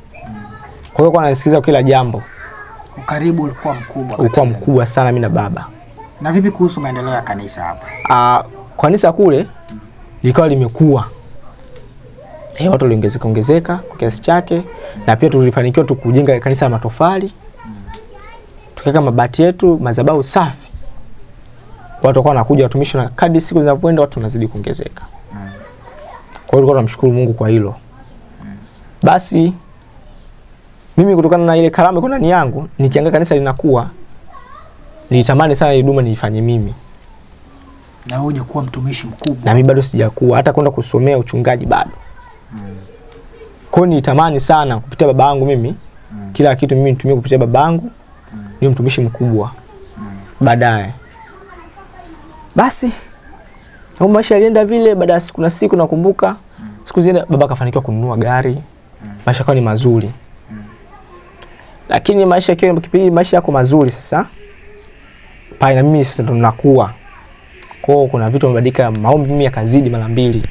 Kwa hiyo kwa nasikiza kila jambo ukaribu ulikuwa mkubwa, ulikuwa mkubwa sana mimi na baba. Na vipi kuhusu maendeleo ya kanisa hapa? Ah, kanisa kule likawa limekuwa eh, watu waliongezeka ongezeka kwa kiasi chake, na pia tulifanikiwa tu kujenga kanisa la matofali tukaweka mabati yetu, madhabahu safi, watu wakawa wanakuja watumishi, na kadri siku zinavyoenda watu wanazidi kuongezeka. Mm. Kwa hiyo tulikuwa tunamshukuru Mungu kwa hilo. Basi mimi kutokana na ile karama iko ndani yangu, nikianga kanisa linakuwa, nilitamani sana huduma niifanye mimi. Na wewe hujakuwa mtumishi mkubwa. Na mimi bado sijakuwa hata kwenda kusomea uchungaji bado. Mm. Kwa hiyo nitamani sana kupitia baba yangu mimi mm. kila kitu mimi nitumie kupitia baba yangu mm. ni mtumishi mkubwa mm. baadaye. Basi au maisha yalienda vile, baada ya siku na siku nakumbuka, mm. siku zile baba akafanikiwa kununua gari, mm. maisha yakawa ni mazuri mm lakini maisha kiwa kipindi maisha yako mazuri sasa pale na mimi sasa ndo nakuwa kwa hiyo kuna vitu vimebadilika, maombi mimi yakazidi mara mbili,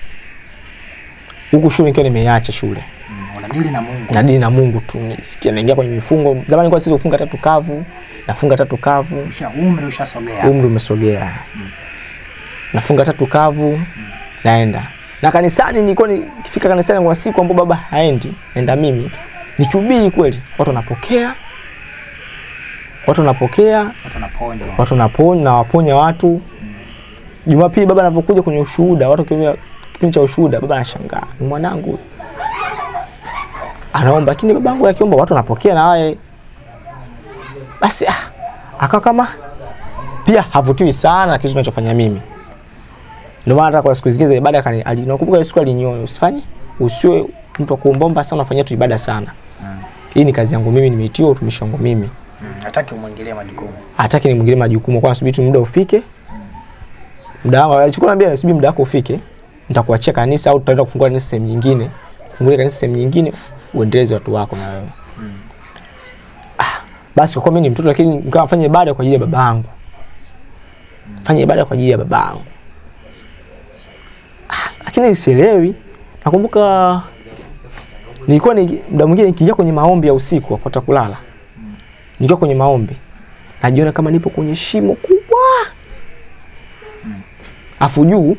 huku shule nikiwa nimeacha shule mm, nadili na Mungu, nadili na Mungu tu, nisikia, naingia kwenye mifungo. Zamani kwa sisi ufunga tatu kavu, nafunga tatu kavu, usha umri ushasogea, umri umesogea, mm. nafunga tatu kavu, mm. naenda na kanisani. Nilikuwa nikifika kanisani kwa siku ambapo baba haendi, naenda mimi nikihubiri kweli watu wanapokea watu wanapokea watu wanaponya na waponya watu Jumapili baba anavyokuja kwenye ushuhuda, watu kipindi cha ushuhuda, baba anashangaa ni mwanangu anaomba, lakini babangu akiomba watu wanapokea na waye. Basi ah, akawa kama pia havutiwi sana kitu tunachofanya mimi. Ndio maana hata kwa siku zingine za ibada akani, nakumbuka siku alinyonya, usifanye usiwe mtu wa kuombaomba sana, unafanyia tu ibada sana mm. Hii ni kazi yangu mimi, nimeitiwa utumishi wangu mimi. mm. Hataki umwingilie majukumu. Hataki nimwingilie majukumu kwa sababu tu muda ufike. Muda mm. wangu alichukua niambia nasubiri muda wako ufike. Nitakuachia kanisa au tutaenda kufungua kanisa sehemu nyingine. kufungua kanisa sehemu nyingine uendeleze watu wako na wewe. Hmm. Ah, basi kwa mimi ni mtoto lakini nikawa nafanya ibada kwa ajili ya baba yangu. Fanya ibada kwa ajili ya baba yangu. Ah, lakini sielewi. Nakumbuka nilikuwa ni muda mwingine nikiingia kwenye maombi ya usiku wakati kulala, nikiwa kwenye maombi najiona kama nipo kwenye shimo kubwa, afu juu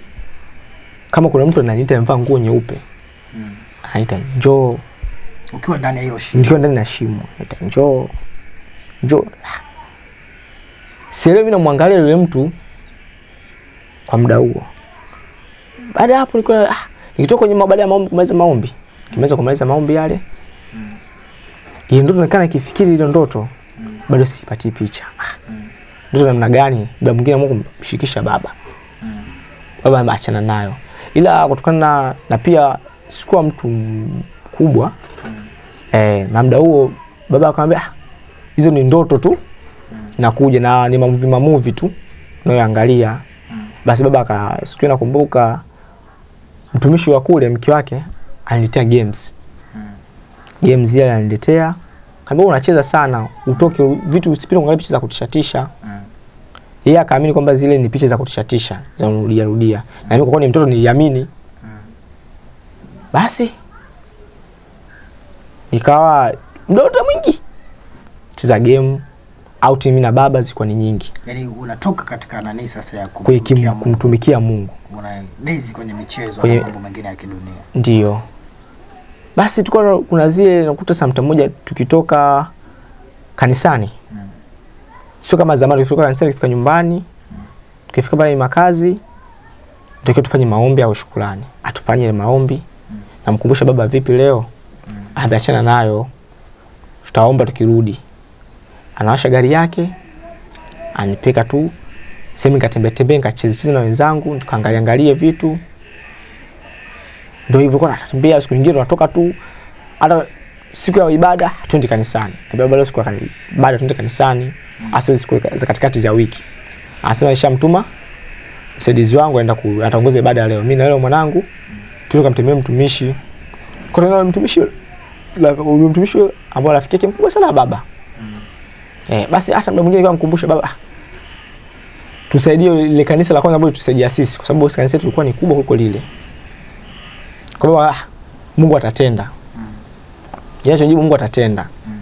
kama kuna mtu ananiita amevaa nguo nyeupe anaita njoo, ukiwa ndani ya hilo shimo, ndio ndani ya shimo anaita njoo, njoo. Sielewi, mimi namwangalia yule mtu kwa muda huo. Baada ya hapo nilikuwa ah, nikitoka kwenye baada ya maombi kumaliza maombi kimeweza kumaliza maombi yale mm. ndoto nakana ikifikiri ile ndoto bado sipati picha ndoto namna gani Baba mwingine Mungu mshirikisha baba baba achana nayo ila kutokana na, na pia sikuwa mtu mkubwa eh, na muda huo baba akamwambia ah, hizo ni ndoto tu nakuja na ni mamuvi mamuvi tu unayoangalia basi baba akasikia, nakumbuka mtumishi wa kule mke wake ananiletea games hmm. games ile ananiletea, kaambia unacheza sana, utoke vitu usipite kuangalia picha za kutishatisha. Hmm. Yeye akaamini kwamba zile ni picha za kutishatisha za rudia rudia, hmm. na mimi kwa kuwa ni mtoto niliamini. Basi ikawa mdoto mwingi cheza game au mimi na baba zilikuwa ni nyingi. yani unatoka katika nani sasa ya kumtumikia Mungu. Kumtumikia Mungu. Una days kwenye michezo na mambo mengine ya kidunia. Ndiyo. Basi tulikuwa kuna zile nakuta saa moja tukitoka kanisani mm. sio kama zamani, tukifika kanisani, tukifika nyumbani mm. tukifika pale makazi tukiwa tufanye maombi au shukrani, atufanye ile maombi mm. namkumbusha baba, vipi leo mm. ameachana nayo, tutaomba tukirudi. Anawasha gari yake anipeka tu sehemu, nikatembea tembea, nikachezecheze na wenzangu, tukaangalia angalie vitu ndio hivyo, kwa natembea, siku nyingine tunatoka tu, hata siku ya ibada tuende kanisani, naambia leo siku ya ibada tuende kanisani, hasa siku za katikati ya wiki. Anasema mtuma msaidizi wangu aenda ataongoza ibada leo, mimi na leo mwanangu tuko tulikamtemea mtumishi kwa nini neno mtumishi la mtumishi ambaye rafiki yake mkubwa sana baba Eh, basi hata mdomo mwingine kama mkumbusha baba tusaidie ile kanisa la kwanza ambalo tusaidia sisi, kwa sababu kanisa letu lilikuwa ni kubwa kuliko lile kwa sababu ah, Mungu atatenda mm. Yaani jinachojibu Mungu atatenda mm.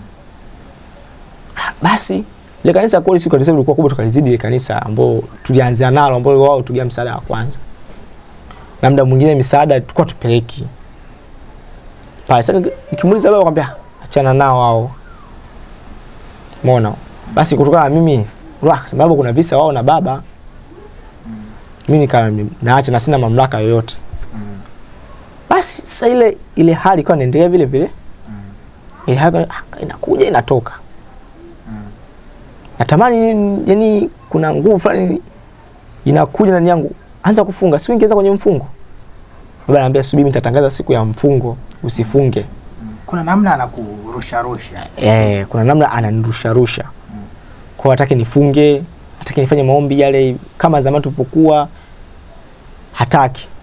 ah, basi ile kanisa kweli, siku kanisa ilikuwa kubwa, tukalizidi ile kanisa ambao tulianza nalo, ambao wao tugia msaada wa kwanza, na muda mwingine misaada tulikuwa tupeleki pale. Sasa kimuuliza baba, akamwambia achana nao wao umeona. Basi kutokana na mimi kwa sababu kuna visa wao na baba, mimi nikaa naacha na sina mamlaka yoyote. Basi sasa ile ile hali ikawa inaendelea vile vile mm. ile hali inakuja inatoka mm. natamani yani, kuna nguvu fulani inakuja ndani yangu, anza kufunga. Siku ingeza kwenye mfungo, baba anambia subiri, nitatangaza siku ya mfungo, usifunge. Mm. Kuna namna anakurusha rusha eh, kuna namna ananirusha rusha mm. kwa hataki nifunge, hataki nifanye maombi yale kama zamani tulipokuwa, hataki Mm.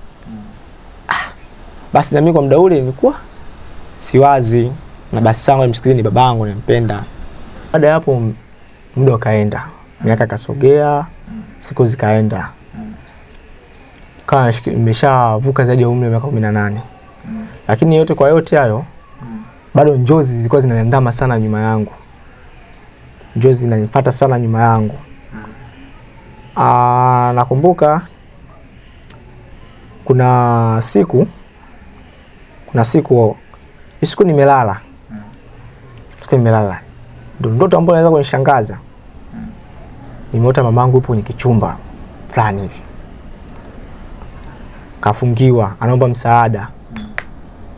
Basi na mimi kwa muda ule nilikuwa siwazi na basi sangu nimsikilize ni babangu nampenda. Baada ya hapo muda ukaenda, miaka kasogea, siku zikaenda, kaa nimeshavuka zaidi ya umri wa miaka kumi na nane lakini yote kwa yote hayo bado njozi zilikuwa zinaniandama sana nyuma yangu, njozi zinanifuata sana nyuma yangu. Aa, nakumbuka kuna siku kuna siku siku nimelala siku nimelala ndo ndoto ambayo naweza kunishangaza nimeota mamangu yupo kwenye kichumba fulani hivi kafungiwa anaomba msaada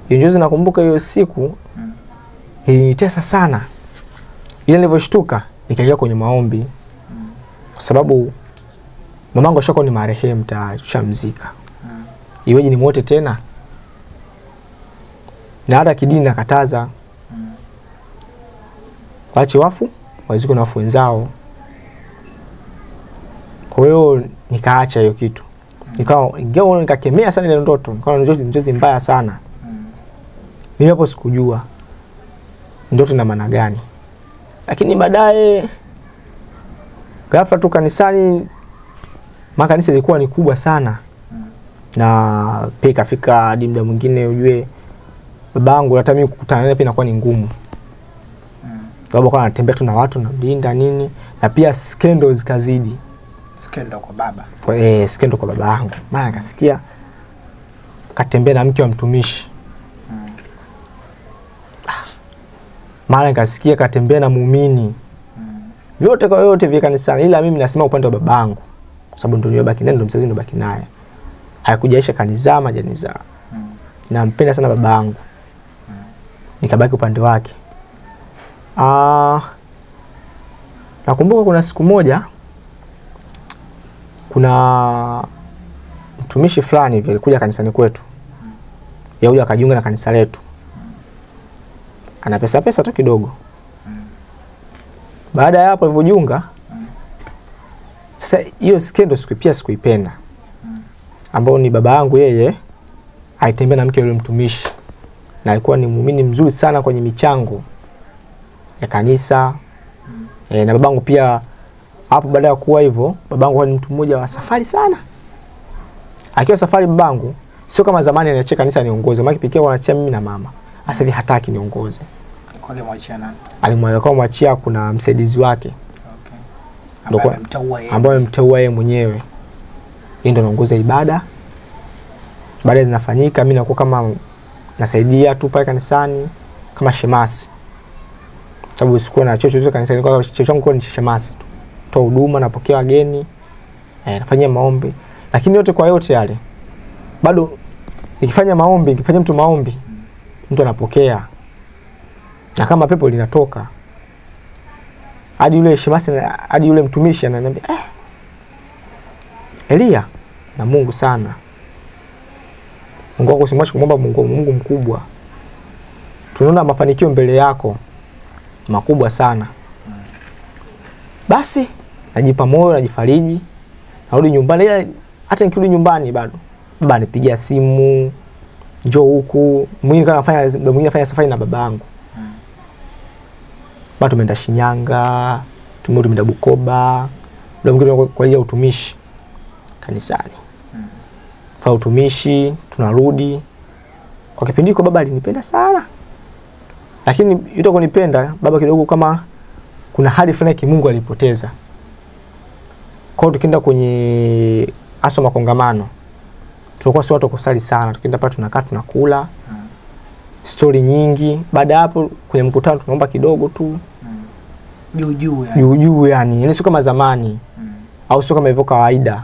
hiyo njozi nakumbuka hiyo siku ilinitesa sana ile nilivyoshtuka nikaingia kwenye maombi kwa sababu mamangu ashakuwa ni marehemu tayari tushamzika mm. nimwote tena na hata kidini nakataza, wache wafu wazikwe na wafu wenzao. Kwa hiyo nikaacha hiyo kitu, nikawa nikakemea sana ile ndoto, nikawa njozi mbaya sana. Mimi hapo sikujua ndoto ina maana gani, lakini baadaye ghafla tu kanisani, makanisa ilikuwa ni kubwa sana, na pia ikafika hadi muda mwingine ujue babangu hata mimi kukutana naye pia inakuwa ni ngumu mm. Baba kwa anatembea tu na watu na namlinda nini, na pia skendo zikazidi skendo kwa baba kwa, eh, skendo kwa baba yangu, maana akasikia katembea na mke wa mtumishi mm. maana mm. akasikia katembea na muumini mm. yote kwa yote vya kanisani, ila mimi nasema upande wa babangu kwa sababu ndio niliyobaki naye, ndio mzazi niliyobaki naye, hayakujaisha kanizaa za mm. nampenda sana babangu nikabaki upande wake. Ah, nakumbuka kuna siku moja kuna mtumishi fulani hivi alikuja kanisani kwetu, yahuja akajiunga na kanisa letu, ana pesa pesa tu kidogo. Baada ya hapo alivyojiunga, sasa hiyo skendo siku pia sikuipenda, ambao ni baba yangu yeye aitembea na mke yule mtumishi na alikuwa ni muumini mzuri sana kwenye michango ya kanisa e, na babangu pia hapo baada ya kuwa hivyo, babangu ni mtu mmoja wa safari sana. Akiwa safari babangu sio kama zamani anachia kanisa niongoze, maana pekee wanachia mimi na mama. Sasa hivi hataki niongoze. Alimwachia mwachia kuna msaidizi wake okay. ambaye amemteua yeye mwenyewe, ndio anaongoza ibada. Baada zinafanyika, mimi nakuwa kama nasaidia tu pale kanisani kama shemasi, sababu sikuwa na chochote chochote kanisani, kwa chocho changu kwa ni shemasi tu, toa huduma, napokea wageni eh, nafanyia maombi, lakini yote kwa yote yale bado nikifanya maombi, nikifanya mtu maombi, mtu anapokea na kama pepo linatoka hadi yule shemasi hadi yule mtumishi ananiambia eh, Elia na Mungu sana Mungu wako usimwache kumwomba Mungu, Mungu mkubwa. Tunaona mafanikio mbele yako makubwa sana. Basi najipa moyo, najifariji, narudi nyumbani. Ila hata nikirudi nyumbani bado baba anipigia simu, njoo huku. Mwingine kama nafanya mwingine nafanya safari na babangu, bado tumeenda Shinyanga, tumeenda Bukoba, muda mwingine kwa ajili ya utumishi kanisani fa utumishi, tunarudi. Kwa kipindi hiko baba alinipenda sana, lakini yuto kunipenda baba kidogo, kama kuna hali fulani ki Mungu alipoteza. Kwa hiyo tukienda kwenye hasa makongamano, tulikuwa si watu kusali sana, tukienda pale tunakaa tunakula stori nyingi. Baada hapo kwenye mkutano tunaomba kidogo tu juu juu, yani, Juu juu yani yaani sio kama zamani mm. au sio kama hivyo kawaida Mm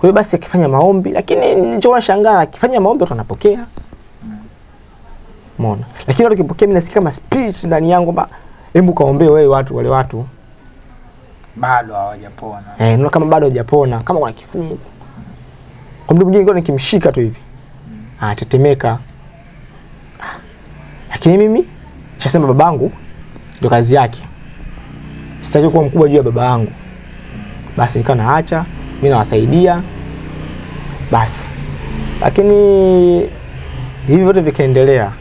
kwa hiyo basi akifanya maombi, lakini nilichokuwa nashangaa akifanya maombi watu wanapokea. Umeona? Lakini watu kipokea, mimi nasikia kama spirit ndani yangu ba hebu kaombe wewe watu wale watu bado hawajapona. Eh, naona kama bado hawajapona, kama kuna kifungu. Kwa mtu mwingine nikimshika tu hivi mm. Ah, anatetemeka. Lakini mimi shasema babangu ndio kazi yake, sitaki kuwa mkubwa juu ya baba yangu. Basi nikawa naacha mimi nawasaidia basi. Lakini hivi vyote vikaendelea,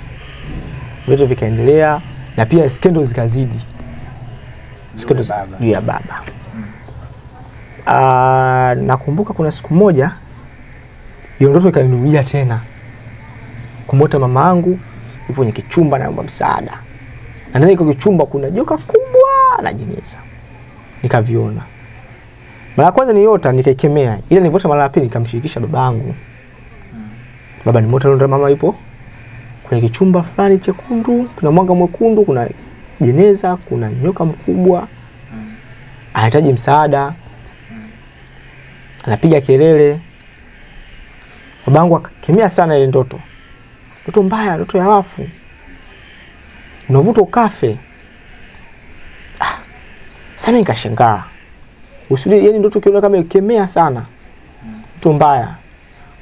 vyote vikaendelea na pia skendo zikazidi, skendo juu ya baba, baba. Aa, ah, nakumbuka kuna siku moja hiyo ndoto ikanirudia tena kumwota mama yangu yupo kwenye kichumba naomba msaada, na ndani kwa kichumba kuna joka kubwa anajinisa, nikaviona mara kwanza niliota nikaikemea, ile nilivyoota mara ya pili nikamshirikisha babangu. Baba, ni leo mama yupo kwenye kichumba fulani chekundu, kuna mwanga mwekundu, kuna jeneza, kuna nyoka mkubwa, anahitaji msaada, anapiga kelele. Babangu akakemea sana ile ndoto, ndoto mbaya, ndoto ya wafu, unavuta ukafe. Ah, sana nikashangaa usudi yani ndoto kiona kama ikemea sana hmm. mtu mbaya.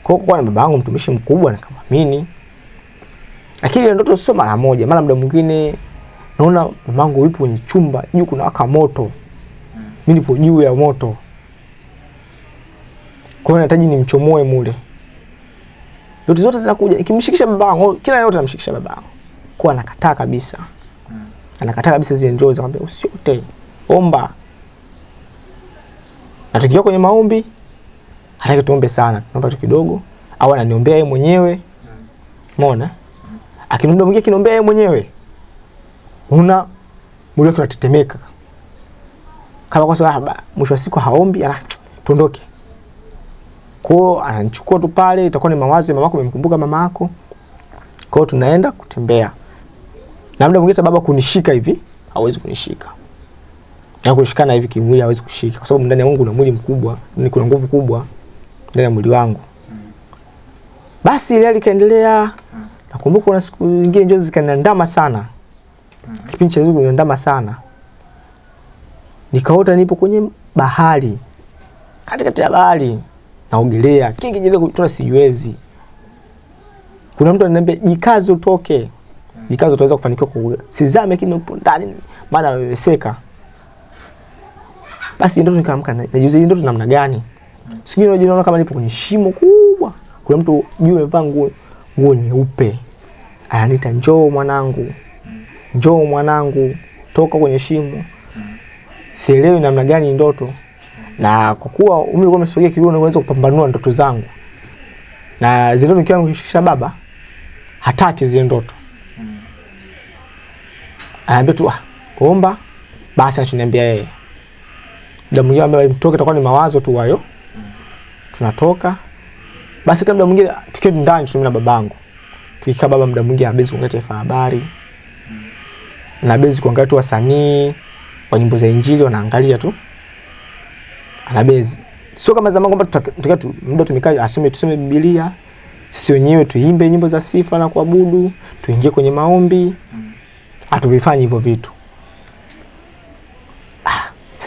Kwa hiyo kwa baba yangu mtumishi mkubwa na nikamwamini, lakini ile ndoto sio mara moja, mara muda mwingine naona mamangu yupo kwenye chumba juu kuna waka moto, hmm. mimi nipo juu ya moto, kwa hiyo nahitaji nimchomoe mule. Ndoto zote zinakuja, nikimshikisha yangu kila yote baba yangu kwa anakataa kabisa, hmm. anakataa kabisa zile ndoto, akamwambia usiote, omba na kwenye maombi hataki tuombe sana, tunaomba tu kidogo, au ananiombea yeye mwenyewe. Umeona, akimwomba mwingine kinombea yeye mwenyewe, una mwili wake unatetemeka, kama kwa sababu ah, mwisho wa siku haombi, ana tuondoke kwao, ananichukua tu pale, itakuwa ni mawazo ya mamako, umemkumbuka mama yako. Kwao tunaenda kutembea, na muda mwingine baba kunishika hivi, hawezi kunishika na kushikana hivi kimwili hawezi kushika, kwa sababu ndani yangu kuna mwili mkubwa, ni kuna nguvu kubwa ndani ya mwili wangu. Basi ile hali likaendelea. Nakumbuka kuna siku nyingine njozi zikaniandama sana, kipindi cha njozi kuniandama sana, nikaota nipo kwenye bahari, katikati ya bahari naogelea, kile kijele kutoa siwezi. Kuna mtu ananiambia jikaze, utoke, jikaze, utaweza kufanikiwa. Sizame, lakini upo ndani, maana weweseka basi ndoto nikaamka, najiuliza ndoto namna gani? Siku hiyo najiona kama nipo kwenye shimo kubwa, kuna mtu juu amevaa nguo nguo nyeupe, ananiita njoo mwanangu, njoo mwanangu, toka kwenye shimo. Sielewi namna gani ndoto, na kwa kuwa umri ulikuwa umesogea kidogo, naweza kupambanua ndoto zangu na zile ndoto nikiwa nikishikisha baba hataki zile ndoto, anaambia tu ah, omba basi, anachoniambia yeye muda mwingine ambaye mtoke itakuwa ni mawazo tu hayo tunatoka basi hata muda mwingine tukiwa ndani tunaona babangu tukikaa baba muda mwingine abezi kuangalia taifa habari na abezi kuangalia tu wasanii wa nyimbo za injili wanaangalia tu anabezi sio kama zamani kwamba tukiwa tu, muda tumekaa asome tuseme Biblia sisi wenyewe tuimbe nyimbo za sifa na kuabudu tuingie kwenye maombi mm. hatuvifanyi hivyo vitu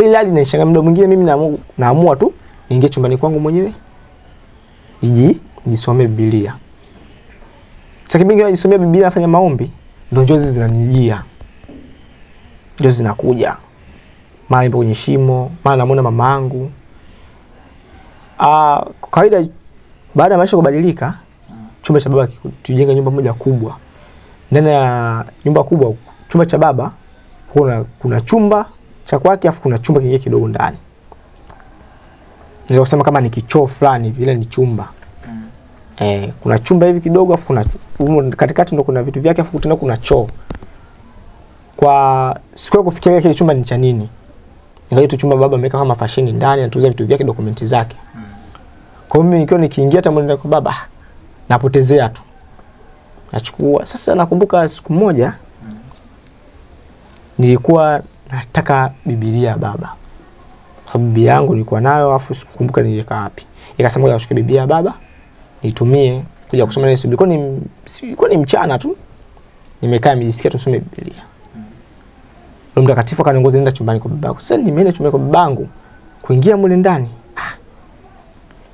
sasa hali inaishanga muda mwingine mimi naamua tu niingie chumbani kwangu mwenyewe iji jisome Biblia. Sasa kipindi najisomea Biblia nafanya maombi ndio njozi zinanijia. Njozi zinakuja. Mara nipo kwenye shimo, mara namuona mama yangu. Ah, kwa kawaida baada ya maisha kubadilika, chumba cha baba tujenga nyumba moja kubwa. Ndani ya nyumba kubwa, chumba cha baba kuna, kuna chumba cha kwake, afu kuna chumba kingine kidogo ndani. Naweza kama ni kichoo fulani vile, ni chumba mm. Eh, kuna chumba hivi kidogo, afu kuna umo katikati ndo kuna vitu vyake, afu tena kuna choo. Kwa siku ya kufikia kile chumba ni cha nini, nikaja tu chumba baba ameweka kama fashini ndani, anatuza vitu vyake, dokumenti zake mm. Kwa mimi nikiwa nikiingia tamu mwenda kwa baba napotezea tu nachukua. Sasa nakumbuka siku moja mm. nilikuwa nataka Biblia baba, sababu Biblia yangu nilikuwa nayo, afu sikumbuka niliweka wapi. Ikasema ngoja nishike Biblia baba nitumie kuja kusoma nini. Ilikuwa ni ilikuwa ni mchana tu, nimekaa nimejisikia tusome Biblia. Roho Mtakatifu akaniongoza nenda chumbani kwa babangu. Sasa nimeenda chumbani kwa babangu, kuingia mule ndani ah,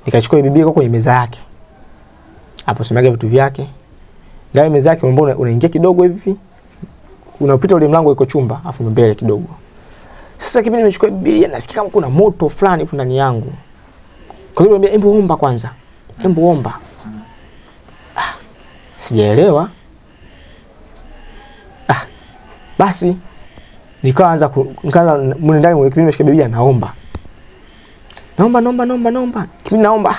nikachukua Biblia kwa kwenye meza yake, hapo somaga vitu vyake, ngawa meza yake, mbona unaingia kidogo hivi unapita ule mlango iko chumba afu mbele kidogo. Sasa kipindi nimechukua Biblia nasikia kama kuna moto fulani hapo ndani yangu. Kwa hiyo niambia hebu omba kwanza. Hebu omba. Ah, sijaelewa. Ah, basi nikaanza nikaanza mimi ndani mwenye kipindi nimeshika Biblia naomba. Naomba naomba naomba naomba. Kipindi naomba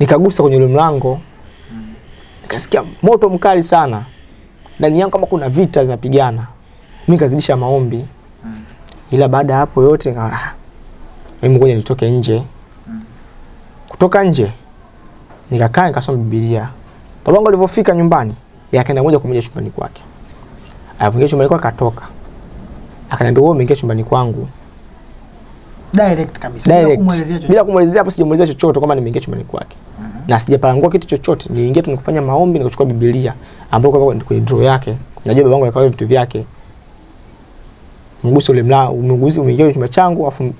nikagusa kwenye ule mlango. Nikasikia moto mkali sana ndani yangu kama kuna vita zinapigana, mi kazidisha maombi mm. ila baada ya hapo yote ah, mimi ngoja nitoke nje mm. kutoka nje nikakaa nikasoma Biblia. Babangu alivyofika nyumbani, yakaenda moja kwa moja chumbani kwake. Alipoingia chumbani kwake akatoka, akaniambia wewe umeingia chumbani kwangu direct kabisa, direct. bila kumwelezea hapo, sijamwelezea chochote kwamba nimeingia chumbani kwake na sijapangua kitu chochote, niingia tu nikufanya maombi, na kuchukua Biblia ambayo kwa kwenye draw yake, najua babangu alikuwa vitu vyake. Mguso ule mlao, umeguzi, umeingia kwenye chumba changu afu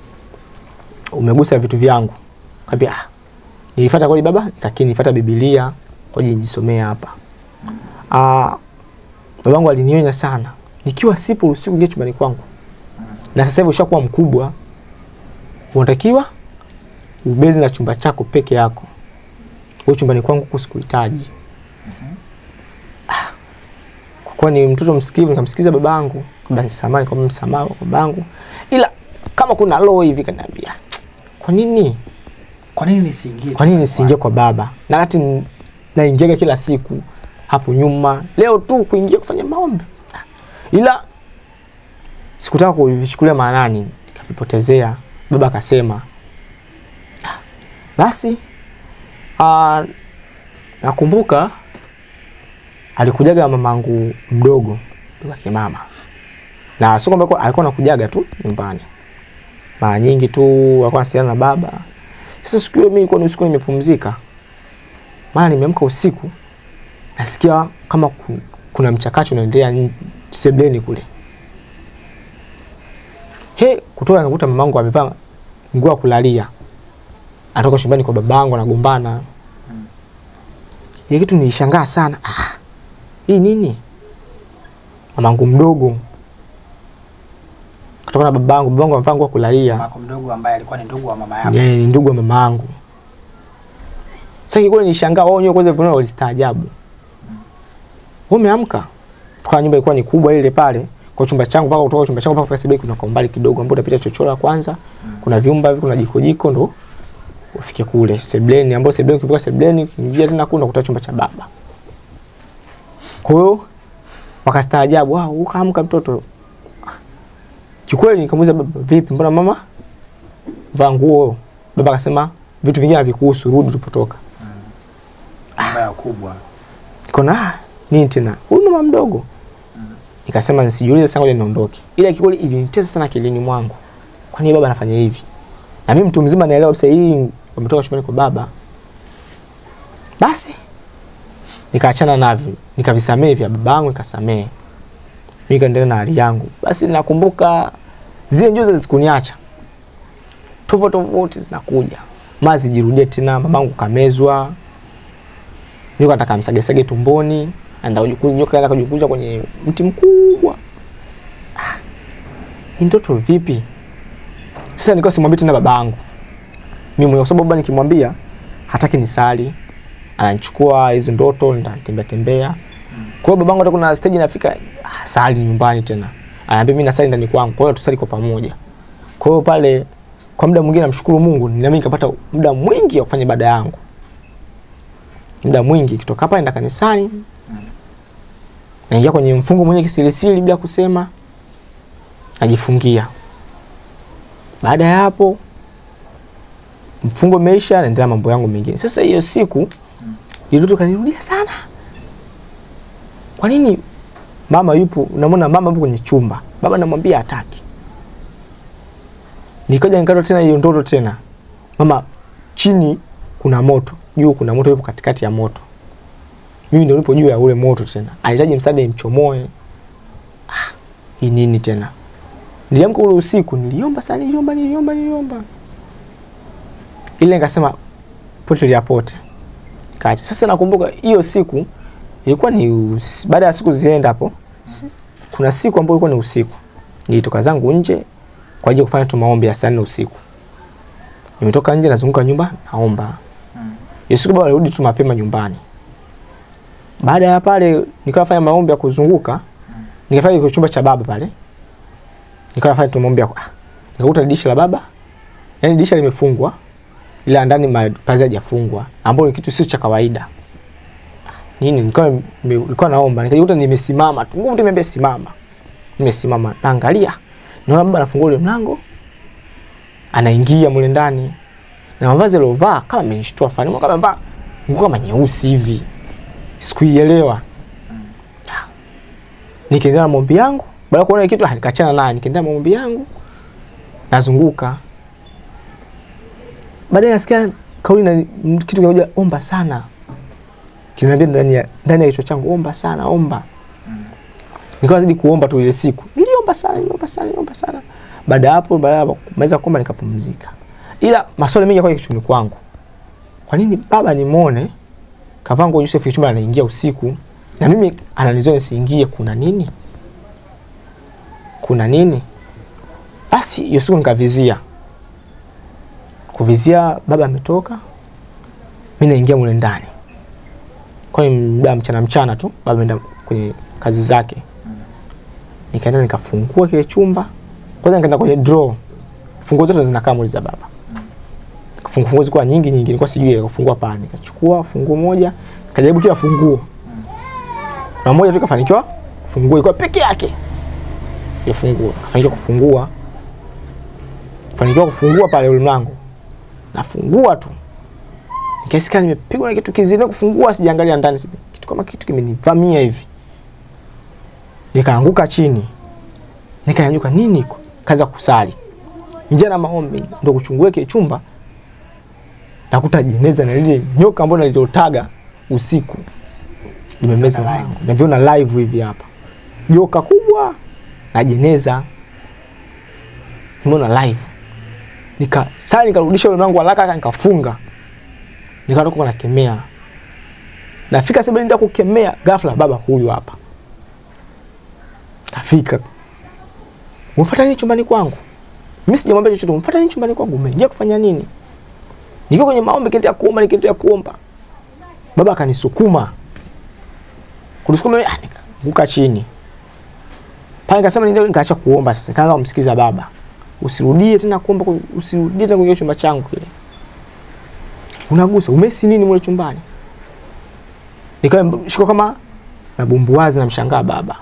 umegusa vitu vyangu. Kaambia ah, nilifuata kweli baba, lakini nilifuata Biblia kwa ajili nijisomea hapa. Ah, babangu alinionya sana. Nikiwa sipo usiku ingia chumbani kwangu. Na sasa hivi ushakuwa mkubwa, unatakiwa ubezi na chumba chako peke yako kwa chumbani kwangu kusikuhitaji sikuhitaji. Kwa ni mtoto msikivu, nikamsikiza babangu kabla nisamani, kwa msamaha babangu, ila kama kuna roho hivi kaniambia, kwa nini kwa nini nisiingie, kwa nini nisiingie kwa baba, na hati naingiaga kila siku hapo nyuma, leo tu kuingia kufanya maombi, ila sikutaka kuvichukulia maanani, kavipotezea Baba akasema ah, basi Ah, nakumbuka alikujaga mamangu mdogo kwa kimama. na sio kwamba alikuwa anakujaga tu nyumbani, mara nyingi tu alikuwa anasiliana na baba. Sasa siku hiyo mimi ni usiku nimepumzika, mara nimeamka usiku nasikia kama ku, kuna mchakacho unaendelea sebleni kule. He, kutoka nakuta mamangu amevaa nguo ya kulalia, anatoka shambani kwa babangu anagombana ile kitu nilishangaa sana. Ah, hii nini? Mamangu mdogo kutoka na babangu, babangu amefanya kulalia. Mamangu mdogo ambaye alikuwa ni ndugu wa mama yangu. Yeye ni ndugu wa mama yangu. Sasa kikule nilishangaa wao wenyewe kwanza vionao walistaajabu. Wameamka. Kwa nyumba ilikuwa ni kubwa ile pale kwa chumba changu mpaka kutoka chumba changu mpaka kwa sebule kuna kwa umbali kidogo ambapo utapita chochora kwanza. Mm. Kuna vyumba, hivi, kuna jiko jiko ndo ufike kule sebleni, ambapo sebleni, ukifika sebleni, ukiingia tena kuna kuta chumba cha baba. Kwa hiyo wakastaajabu, ah, ukaamka mtoto. Kikweli nikamuuliza baba, vipi, mbona mama vaa nguo? Baba akasema vitu vingine havikuhusu, rudi tulipotoka. Mm. Mbaya kubwa. Kona, ah, nini tena? Huyu mama mdogo. Nikasema nisijiulize sana, ngoja niondoke. Ile kikweli ilinitesa sana kilini mwangu, kwa nini baba anafanya hivi? Na mimi mtu mzima naelewa kabisa hii wametoka chumbani kwa baba. Basi nikaachana navyo, nikavisamehe vya baba yangu, nikasamehe mimi, nikaendelea na hali yangu. Basi nakumbuka zile njozi zikuniacha tofo tofauti zinakuja mara zijirudia tena, mamangu kamezwa, nyoka nataka msagesage tumboni, anda nyoka kaenda kujikunja kwenye mti mkubwa. Ah, ndoto vipi? Sasa nilikuwa simwambii tena babangu mimi mwenyewe, kwa sababu baba nikimwambia hataki nisali, ananichukua hizo ndoto, nitatembea tembea. Kwa hiyo babangu atakuwa na stage inafika sali nyumbani tena, anaambia mimi nasali ndani kwangu, kwa hiyo tusali kwa pamoja. Kwa hiyo pale kwa muda mwingine namshukuru Mungu, nami nikapata muda mwingi wa kufanya ibada yangu, muda mwingi kitoka hapa naenda kanisani, naingia kwenye mfungo mwenye kisirisiri bila kusema, najifungia. Baada ya hapo mfungo meisha, naendelea mambo yangu mengine. Sasa hiyo siku ile ndoto kanirudia sana. Kwa nini mama yupo, Unamwona mama yupo kwenye chumba, baba namwambia hataki. Nikaja nikaona tena hiyo ndoto tena, mama chini kuna moto, juu kuna moto, yupo katikati ya moto, mimi ndio nipo juu ya ule moto tena, anahitaji msaada imchomoe. Ah, hii nini tena? Niliamka ule usiku, niliomba sana, niliomba, niliomba, niliomba ile nikasema potelea pote kacha. Sasa nakumbuka hiyo siku ilikuwa ni baada ya siku zienda hapo, kuna siku ambayo ilikuwa ni usiku, nilitoka zangu nje kwa ajili kufanya tu maombi ya sana usiku. Nimetoka nje nazunguka nyumba naomba. Hiyo siku baba alirudi tu mapema nyumbani. Baada ya pale nikawa nafanya maombi ya kuzunguka, nikafanya kwa chumba cha baba pale. Nikawa nafanya tu maombi ya kwa. Ah, nikakuta dirisha la baba, yani dirisha limefungwa ila ndani mapazi hajafungwa, ambayo ni kitu sio cha kawaida. Nini nikawa nilikuwa naomba nikajikuta nimesimama tu, nguvu tumeambia simama, nimesimama naangalia, naona baba anafungua ule mlango, anaingia mule ndani na mavazi aliyovaa kama amenishtua fani kama amevaa nguo kama nyeusi hivi, sikuielewa. Nikaendelea na mombi yangu, baada ya kuona kitu, ah, nikachana naye, nikaendelea mombi yangu, nazunguka Baadaye nasikia kauli na kitu kimoja, omba sana, kinaniambia ndani ya ndani ya kichwa changu, omba sana, omba. Nikawa zidi kuomba tu ile siku, niliomba sana, niliomba sana, niliomba sana. Baada hapo, baada ya kumaliza kuomba, nikapumzika, ila maswali mengi yakawa kichwani kwangu, kwa nini baba nimwone kavaa nguo Yusuf Kichuma anaingia usiku na mimi ananizoea nisiingie, kuna nini? Kuna nini? Basi hiyo siku nikavizia kuvizia baba ametoka, mimi naingia mule ndani. Kwa hiyo muda mchana mchana tu baba ameenda kwenye kazi zake. Nikaenda nikafungua kile chumba. Kwanza nikaenda kwenye draw. Funguo zote zinakaa mule za baba. Funguo zikuwa nyingi nyingi, nilikuwa sijui ile kufungua pale. Nikachukua funguo moja, nikajaribu kila funguo. Na moja tu kafanikiwa kufungua, ilikuwa peke yake. Ya funguo. Kafanikiwa kufungua. Kafanikiwa kufungua pale ule mlango nafungua tu kiasi nimepigwa na kitu kizito, kufungua sijaangalia ndani, kitu kama kitu kimenivamia hivi, nikaanguka chini, nikanyanyuka, nini iko kaanza kusali njia maombi, ndo kuchungua kile chumba, nakuta jeneza na lile nyoka ambalo niliotaga usiku nimemeza live na viona live hivi hapa, nyoka kubwa na jeneza, nimeona live nika saa nikarudisha ule mlango haraka nikafunga, nikatoka kwa nakemea. Nafika sebuleni nenda kukemea, ghafla baba huyu hapa nafika umfuata nini chumbani kwangu? Mimi sijamwambia chochote, umfuata nini chumbani kwangu? Umeingia kufanya nini? niko kwenye maombi, kitu ya kuomba, kitu ya kuomba, baba akanisukuma, kunisukuma ah, nikaanguka chini pale, nikasema nikaacha kuomba sasa, nikaanza kumsikiza baba usirudie tena kuomba, usirudie tena kwenye chumba changu kile. Unagusa umesi nini mule chumbani? Nikawa shiko kama nabumbuazi, mshangaa, baba,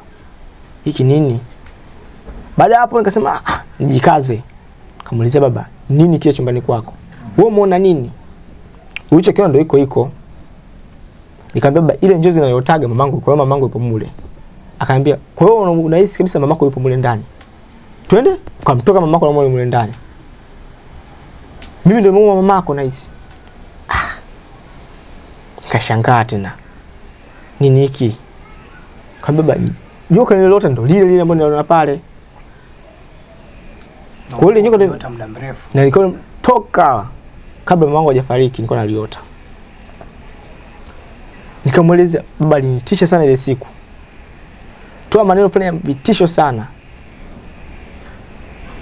hiki nini? Baada ya hapo nikasema ah, ah nijikaze. Kamuulizia baba, nini kile chumbani kwako? Wewe umeona nini? kiona ndio iko iko. Nikamwambia baba, ile njozi inayotaga mamangu, kwa hiyo mamangu yupo mule. Akaambia, kwa hiyo unahisi kabisa mamako yupo mule ndani? twende ukamtoka mamako na mwalimu ndani mimi ndio mume mamako hisi. ah. kashangaa tena nini hiki kambeba joka nililota ndo lile lile ambalo niliona pale kwa hiyo nyoka ndio muda mrefu na nilikuwa toka kabla mama wangu hajafariki nilikuwa naliota nikamweleza baba alinitisha sana ile siku toa maneno fulani ya vitisho sana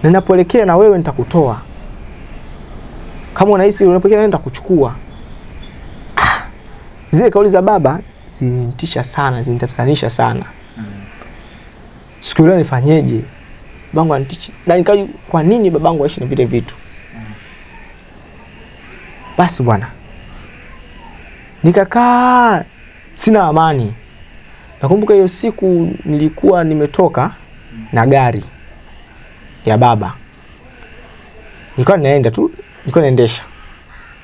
ninapoelekea na wewe nitakutoa. Kama unahisi unapokea nenda kuchukua. Ah, zile kauli za baba zinitisha sana, zinitatanisha sana. Mm. Siku ile nifanyeje? Babangu anitichi. Na nikaji kwa nini babangu aishi na vile vitu? Mm. Basi bwana. Nikakaa sina amani. Nakumbuka hiyo siku nilikuwa nimetoka mm. na gari ya baba. Nilikuwa naenda tu, nilikuwa naendesha.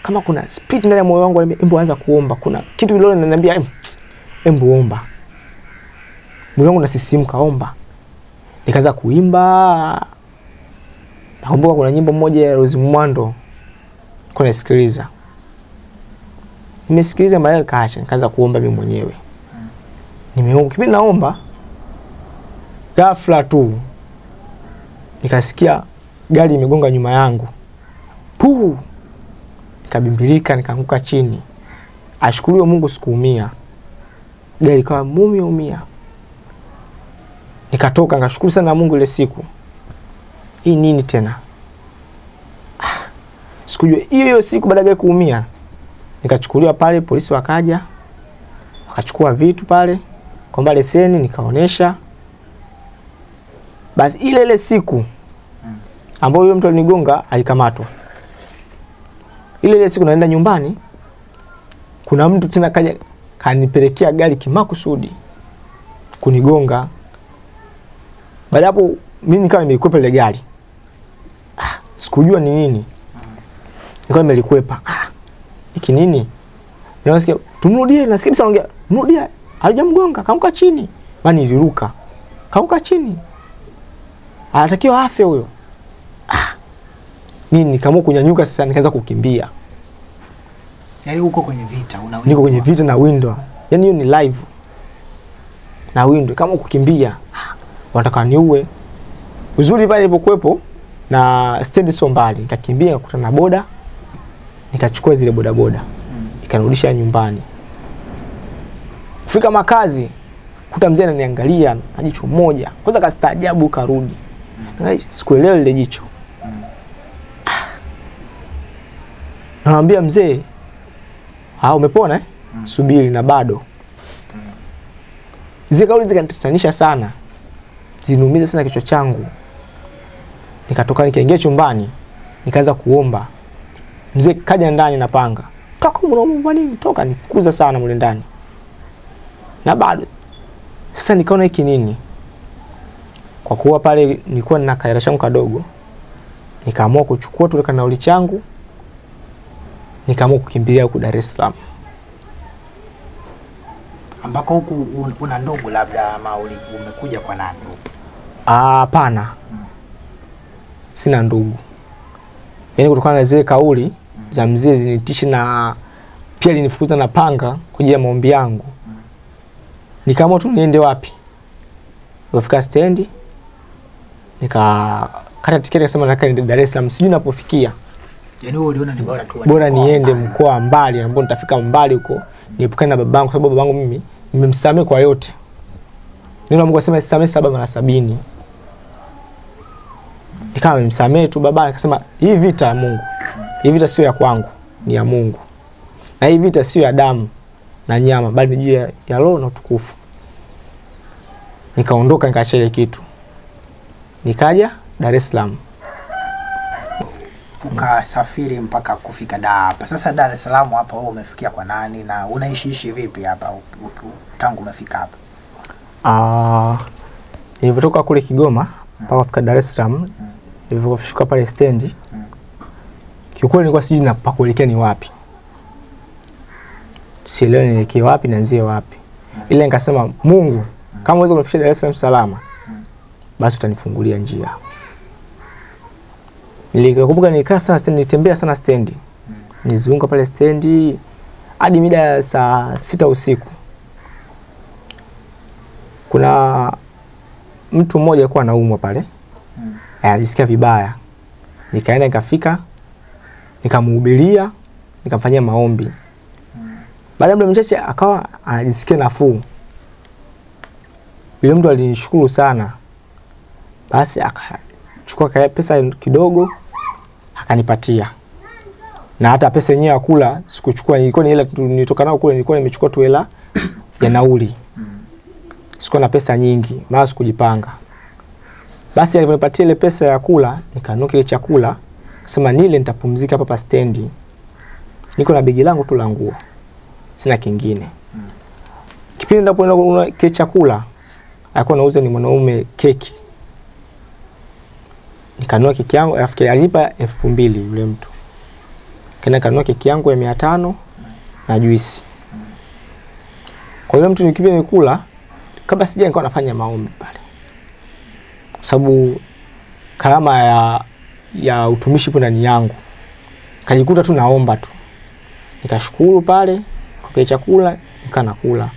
Kama kuna speed ndani ya moyo wangu, hebu anza kuomba. Kuna kitu leo ninaniambia, hebu omba. Moyo wangu nasisimka, omba. Nikaanza kuimba. Nakumbuka kuna nyimbo moja ya Rose Mwando kwa nisikiliza. Nimesikiliza mara kaacha, nikaanza kuomba mimi mwenyewe. Nimeomba, kipindi naomba ghafla tu nikasikia gari imegonga nyuma yangu puu, nikabimbilika nikaanguka chini. Ashukuriwe Mungu sikuumia, gari kawa mumiumia nikatoka nkashukuru sana Mungu ile siku. Hii nini tena? Ah, sikujua hiyo hiyo siku baada gari kuumia nikachukuliwa pale, polisi wakaja wakachukua vitu pale kwamba leseni, nikaonesha basi ile ile siku ambayo yule mtu alinigonga alikamatwa, ile ile siku naenda nyumbani, kuna mtu tena kaja kanipelekea gari kimakusudi kunigonga. Baada hapo mimi nikawa nimeikwepa ile gari, ah, sikujua ni nini, nikawa nimelikwepa. Ah, iki nini? Nasikia tumrudie, nasikia bisa anaongea mrudia, alijamgonga kamka chini, maana niliruka kamka chini anatakiwa afe huyo. Ah, mimi nikaamua kunyanyuka sasa, nikaanza kukimbia. Yaani uko kwenye vita, unawindwa. Niko kwenye vita na windwa, yaani hiyo ni live na windwa, kama kukimbia ah, wanataka niue. Uzuri pale ilipokuwepo na stendi sio mbali, nikakimbia nikakutana na boda, nikachukua zile boda boda. Hmm. Nikarudisha nyumbani. Kufika makazi kuta mzee ananiangalia anajicho jicho moja, kwanza kastaajabu, karudi sikuelewa lile jicho. Naambia mzee, ah, umepona eh? Subiri na bado. Zile kauli zikanitatanisha sana, ziniumiza sana kichwa changu. Nikatoka nikaingia chumbani, nikaanza kuomba. Mzee kaja ndani na panga, toka, unaomba nini? Toka! Nifukuza sana mule ndani na bado. Sasa nikaona hiki nini, kwa kuwa pale nilikuwa nina kaela changu kadogo, nikaamua kuchukua tule kanauli changu, nikaamua kukimbilia huku Dar es Salaam ambako huku una ndugu labda ama umekuja kwa nani huku? Ah, hapana, hmm. sina ndugu. Yaani kutokana na zile kauli hmm. za mzee zinitishi na pia linifukuza na panga kwa ajili ya maombi yangu hmm. nikaamua tu niende wapi, nikafika stendi nikakata tiketi kasema nataka niende Dar es Salaam, sijui napofikia yani wewe uliona ni bora tu bora niende mkoa mbali ambao nitafika mbali huko niepukane na babangu, kwa sababu babangu mimi nimemsamehe kwa yote. Neno Mungu asema samehe saba mara sabini. Nikawa nimsamehe tu baba, akasema hii vita ya Mungu, hii vita sio ya kwangu, ni ya Mungu, na hii vita sio ya damu na nyama, bali ni juu ya, ya roho na utukufu. Nikaondoka nikaacha ile kitu nikaja Dar es Salaam ukasafiri mpaka kufika da hapa. Sasa Dar es Salaam hapa wewe umefikia kwa nani na unaishiishi vipi hapa tangu umefika hapa? Ah, nilivyotoka kule Kigoma mpaka kufika Dar es Salaam, mm. nilivyoshuka pale stendi, mm. kiukweli nilikuwa sijui na pakuelekea ni wapi, sielewi nielekee wapi, nianzie wapi, mm. ila nikasema Mungu, kama uweza kunifikisha Dar es Salaam salama basi utanifungulia njia. Nilikumbuka nilikaa sana stendi, nilitembea sana stendi, nizunguka pale stendi hadi mida ya saa sita usiku. Kuna mtu mmoja alikuwa anaumwa pale, hmm. eh, alisikia vibaya, nikaenda nikafika, nikamhubiria, nikamfanyia maombi. Hmm. Baada ya muda mchache akawa anajisikia nafuu. Yule mtu alinishukuru sana basi akachukua kaya pesa kidogo akanipatia, na hata pesa yenyewe ya kula sikuchukua, ilikuwa ni ile nilitoka nayo kule, nilikuwa nimechukua tu hela ya nauli, sikuwa na pesa nyingi, maana sikujipanga. Basi alivyonipatia ile pesa ya kula, nikanunua kile chakula, sema nile nitapumzika hapa stendi, niko na begi langu tu la nguo, sina kingine. Kipindi ndapoenda kile chakula, alikuwa anauza ni mwanaume keki nikanua keki yangu, alafu alinipa elfu mbili yule mtu, kana kanua keki yangu ya mia tano na juisi. Kwa yule mtu nikipia nikula kabla sija nikawa nafanya maombi pale, kwa sababu karama ya ya utumishi kuna ni yangu, kajikuta tu naomba tu, nikashukuru pale kwa kile chakula, nikaa nakula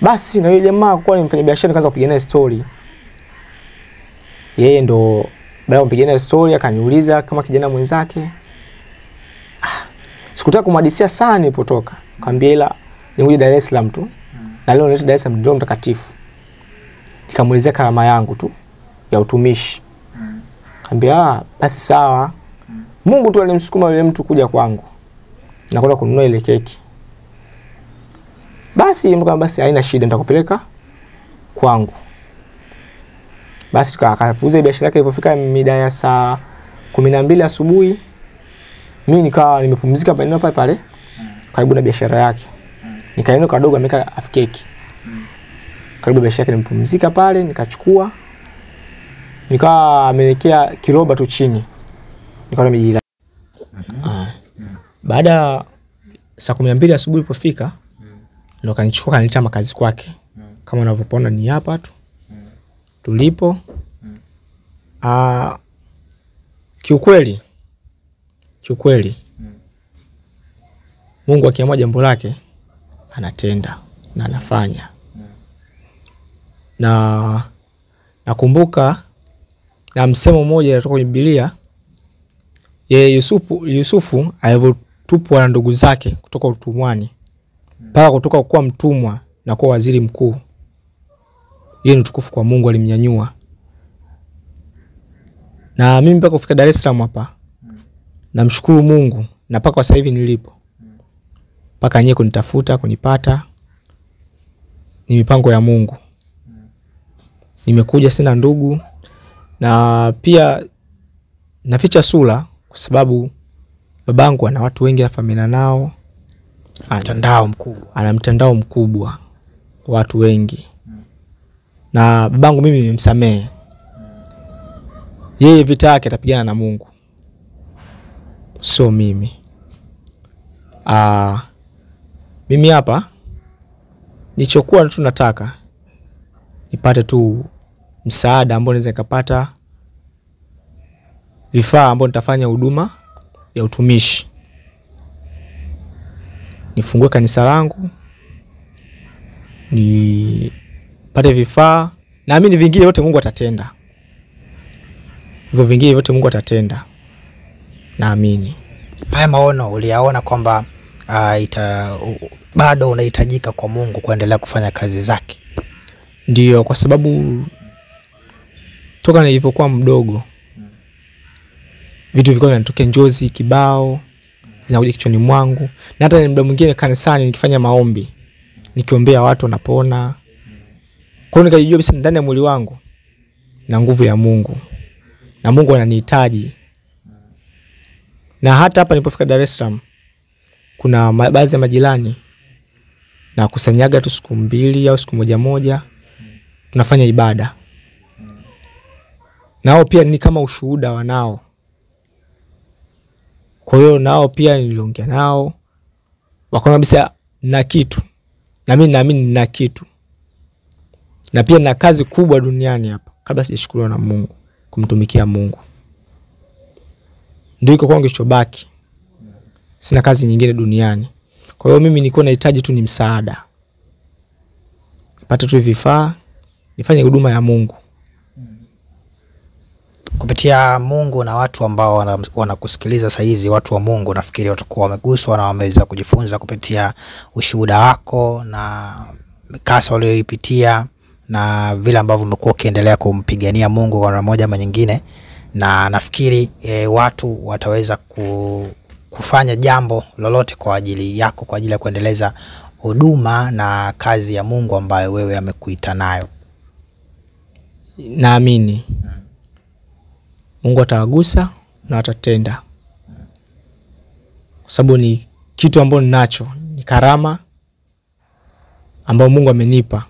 basi na yule jamaa kwa ni mfanyabiashara, nikaanza naye story, yeye ndo baada ya kupigania story akaniuliza kama kijana mwenzake. Ah, sikutaka kumhadisia sana nilipotoka. kaambia ila nikuje Dar es Salaam tu. Na leo nileta Dar es Salaam ndio mtakatifu. Nikamwelezea karama yangu tu ya utumishi. Kaambia ah, basi sawa. Mungu tu alimsukuma yule mtu kuja kwangu. Na kwenda kununua ile keki. Basi mtu basi haina shida nitakupeleka kwangu. Basi akafuza biashara yake. Ilipofika mida ya saa kumi na mbili asubuhi mi nikawa nimepumzika maeneo pale pale karibu na biashara yake, nikaenda kadogo ameka half keki karibu biashara yake, nimepumzika pale nikachukua, nikawa ameelekea kiroba tu chini, nikawa nimejira. Mm-hmm. Baada ya saa kumi na mbili asubuhi ilipofika, ndo kanichukua kanileta makazi kwake, mm-hmm. kama unavyopona ni hapa tu tulipo mm. Ah, kiukweli kiukweli mm. Mungu akiamua jambo lake anatenda na anafanya mm. na nakumbuka na msemo mmoja inatoka kwenye Biblia yeye Yusufu, Yusufu alivyotupwa na ndugu zake kutoka utumwani mm. mpaka kutoka kuwa mtumwa na kuwa waziri mkuu hiyo ni utukufu kwa Mungu, alimnyanyua. Na mimi mpaka kufika Dar es Salaam hapa, namshukuru Mungu na mpaka sasa hivi nilipo, mpaka nyie kunitafuta kunipata, ni mipango ya Mungu. Nimekuja sina ndugu, na pia naficha sura kwa sababu babangu ana watu wengi anafahamiana nao, ana mtandao mkubwa, ana mtandao mkubwa watu wengi na babangu mimi nimsamehe yeye, vita yake atapigana na Mungu, sio mimi. Aa, ah, mimi hapa nilichokuwa tu nataka nipate tu msaada ambao naweza nikapata vifaa ambao nitafanya huduma ya utumishi, nifungue kanisa langu ni pate vifaa, naamini vingine vyote Mungu atatenda, hivyo vingine vyote Mungu atatenda, naamini. Haya maono uliyaona kwamba uh, ita, uh, bado unahitajika kwa Mungu kuendelea kufanya kazi zake? Ndiyo, kwa sababu toka nilivyokuwa mdogo vitu vilikuwa vinatokea njozi kibao zinakuja kichwani mwangu, na hata ni muda mwingine kanisani nikifanya maombi nikiombea watu wanapona, kwa hiyo nikajijua basi ndani ya mwili wangu na nguvu ya Mungu na Mungu ananihitaji. Na hata hapa nilipofika Dar es Salaam kuna baadhi ya majirani na kusanyaga tu siku mbili au siku moja moja tunafanya ibada. Nao pia ni kama ushuhuda wanao. Kwa hiyo nao pia niliongea nao wakaona kabisa na kitu na mimi naamini na kitu na pia na kazi kubwa duniani hapa kabla sijashukuriwa na Mungu kumtumikia Mungu. Ndio iko kwangu kilichobaki, sina kazi nyingine duniani. Kwa hiyo mimi nilikuwa nahitaji tu ni msaada, nipate tu vifaa, nifanye huduma ya Mungu kupitia Mungu na watu ambao wanakusikiliza wana saizi, watu wa Mungu nafikiri watakuwa wameguswa na wameweza kujifunza kupitia ushuhuda wako na mikasa walioipitia na vile ambavyo umekuwa ukiendelea kumpigania Mungu kwa namna moja ama nyingine, na nafikiri e, watu wataweza ku, kufanya jambo lolote kwa ajili yako, kwa ajili ya kuendeleza huduma na kazi ya Mungu ambayo wewe amekuita nayo. Naamini Mungu atawagusa na atatenda, kwa sababu ni kitu ambacho ninacho, ni karama ambayo Mungu amenipa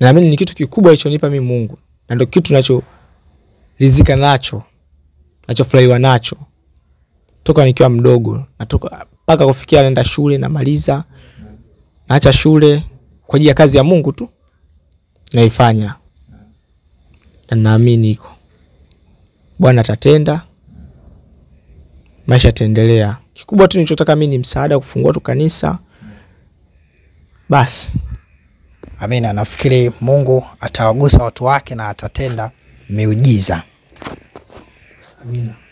Naamini ni kitu kikubwa alichonipa mimi Mungu, na ndio kitu nachorizika nacho, nachofurahiwa nacho toka nikiwa mdogo, natoka mpaka kufikia naenda shule, namaliza, naacha shule kwa ajili ya kazi ya Mungu tu naifanya, na naamini iko Bwana atatenda, maisha yataendelea. Kikubwa tu nilichotaka mimi ni msaada, kufungua tu kanisa basi. Amina. Nafikiri Mungu atawagusa watu wake na atatenda miujiza. Amina.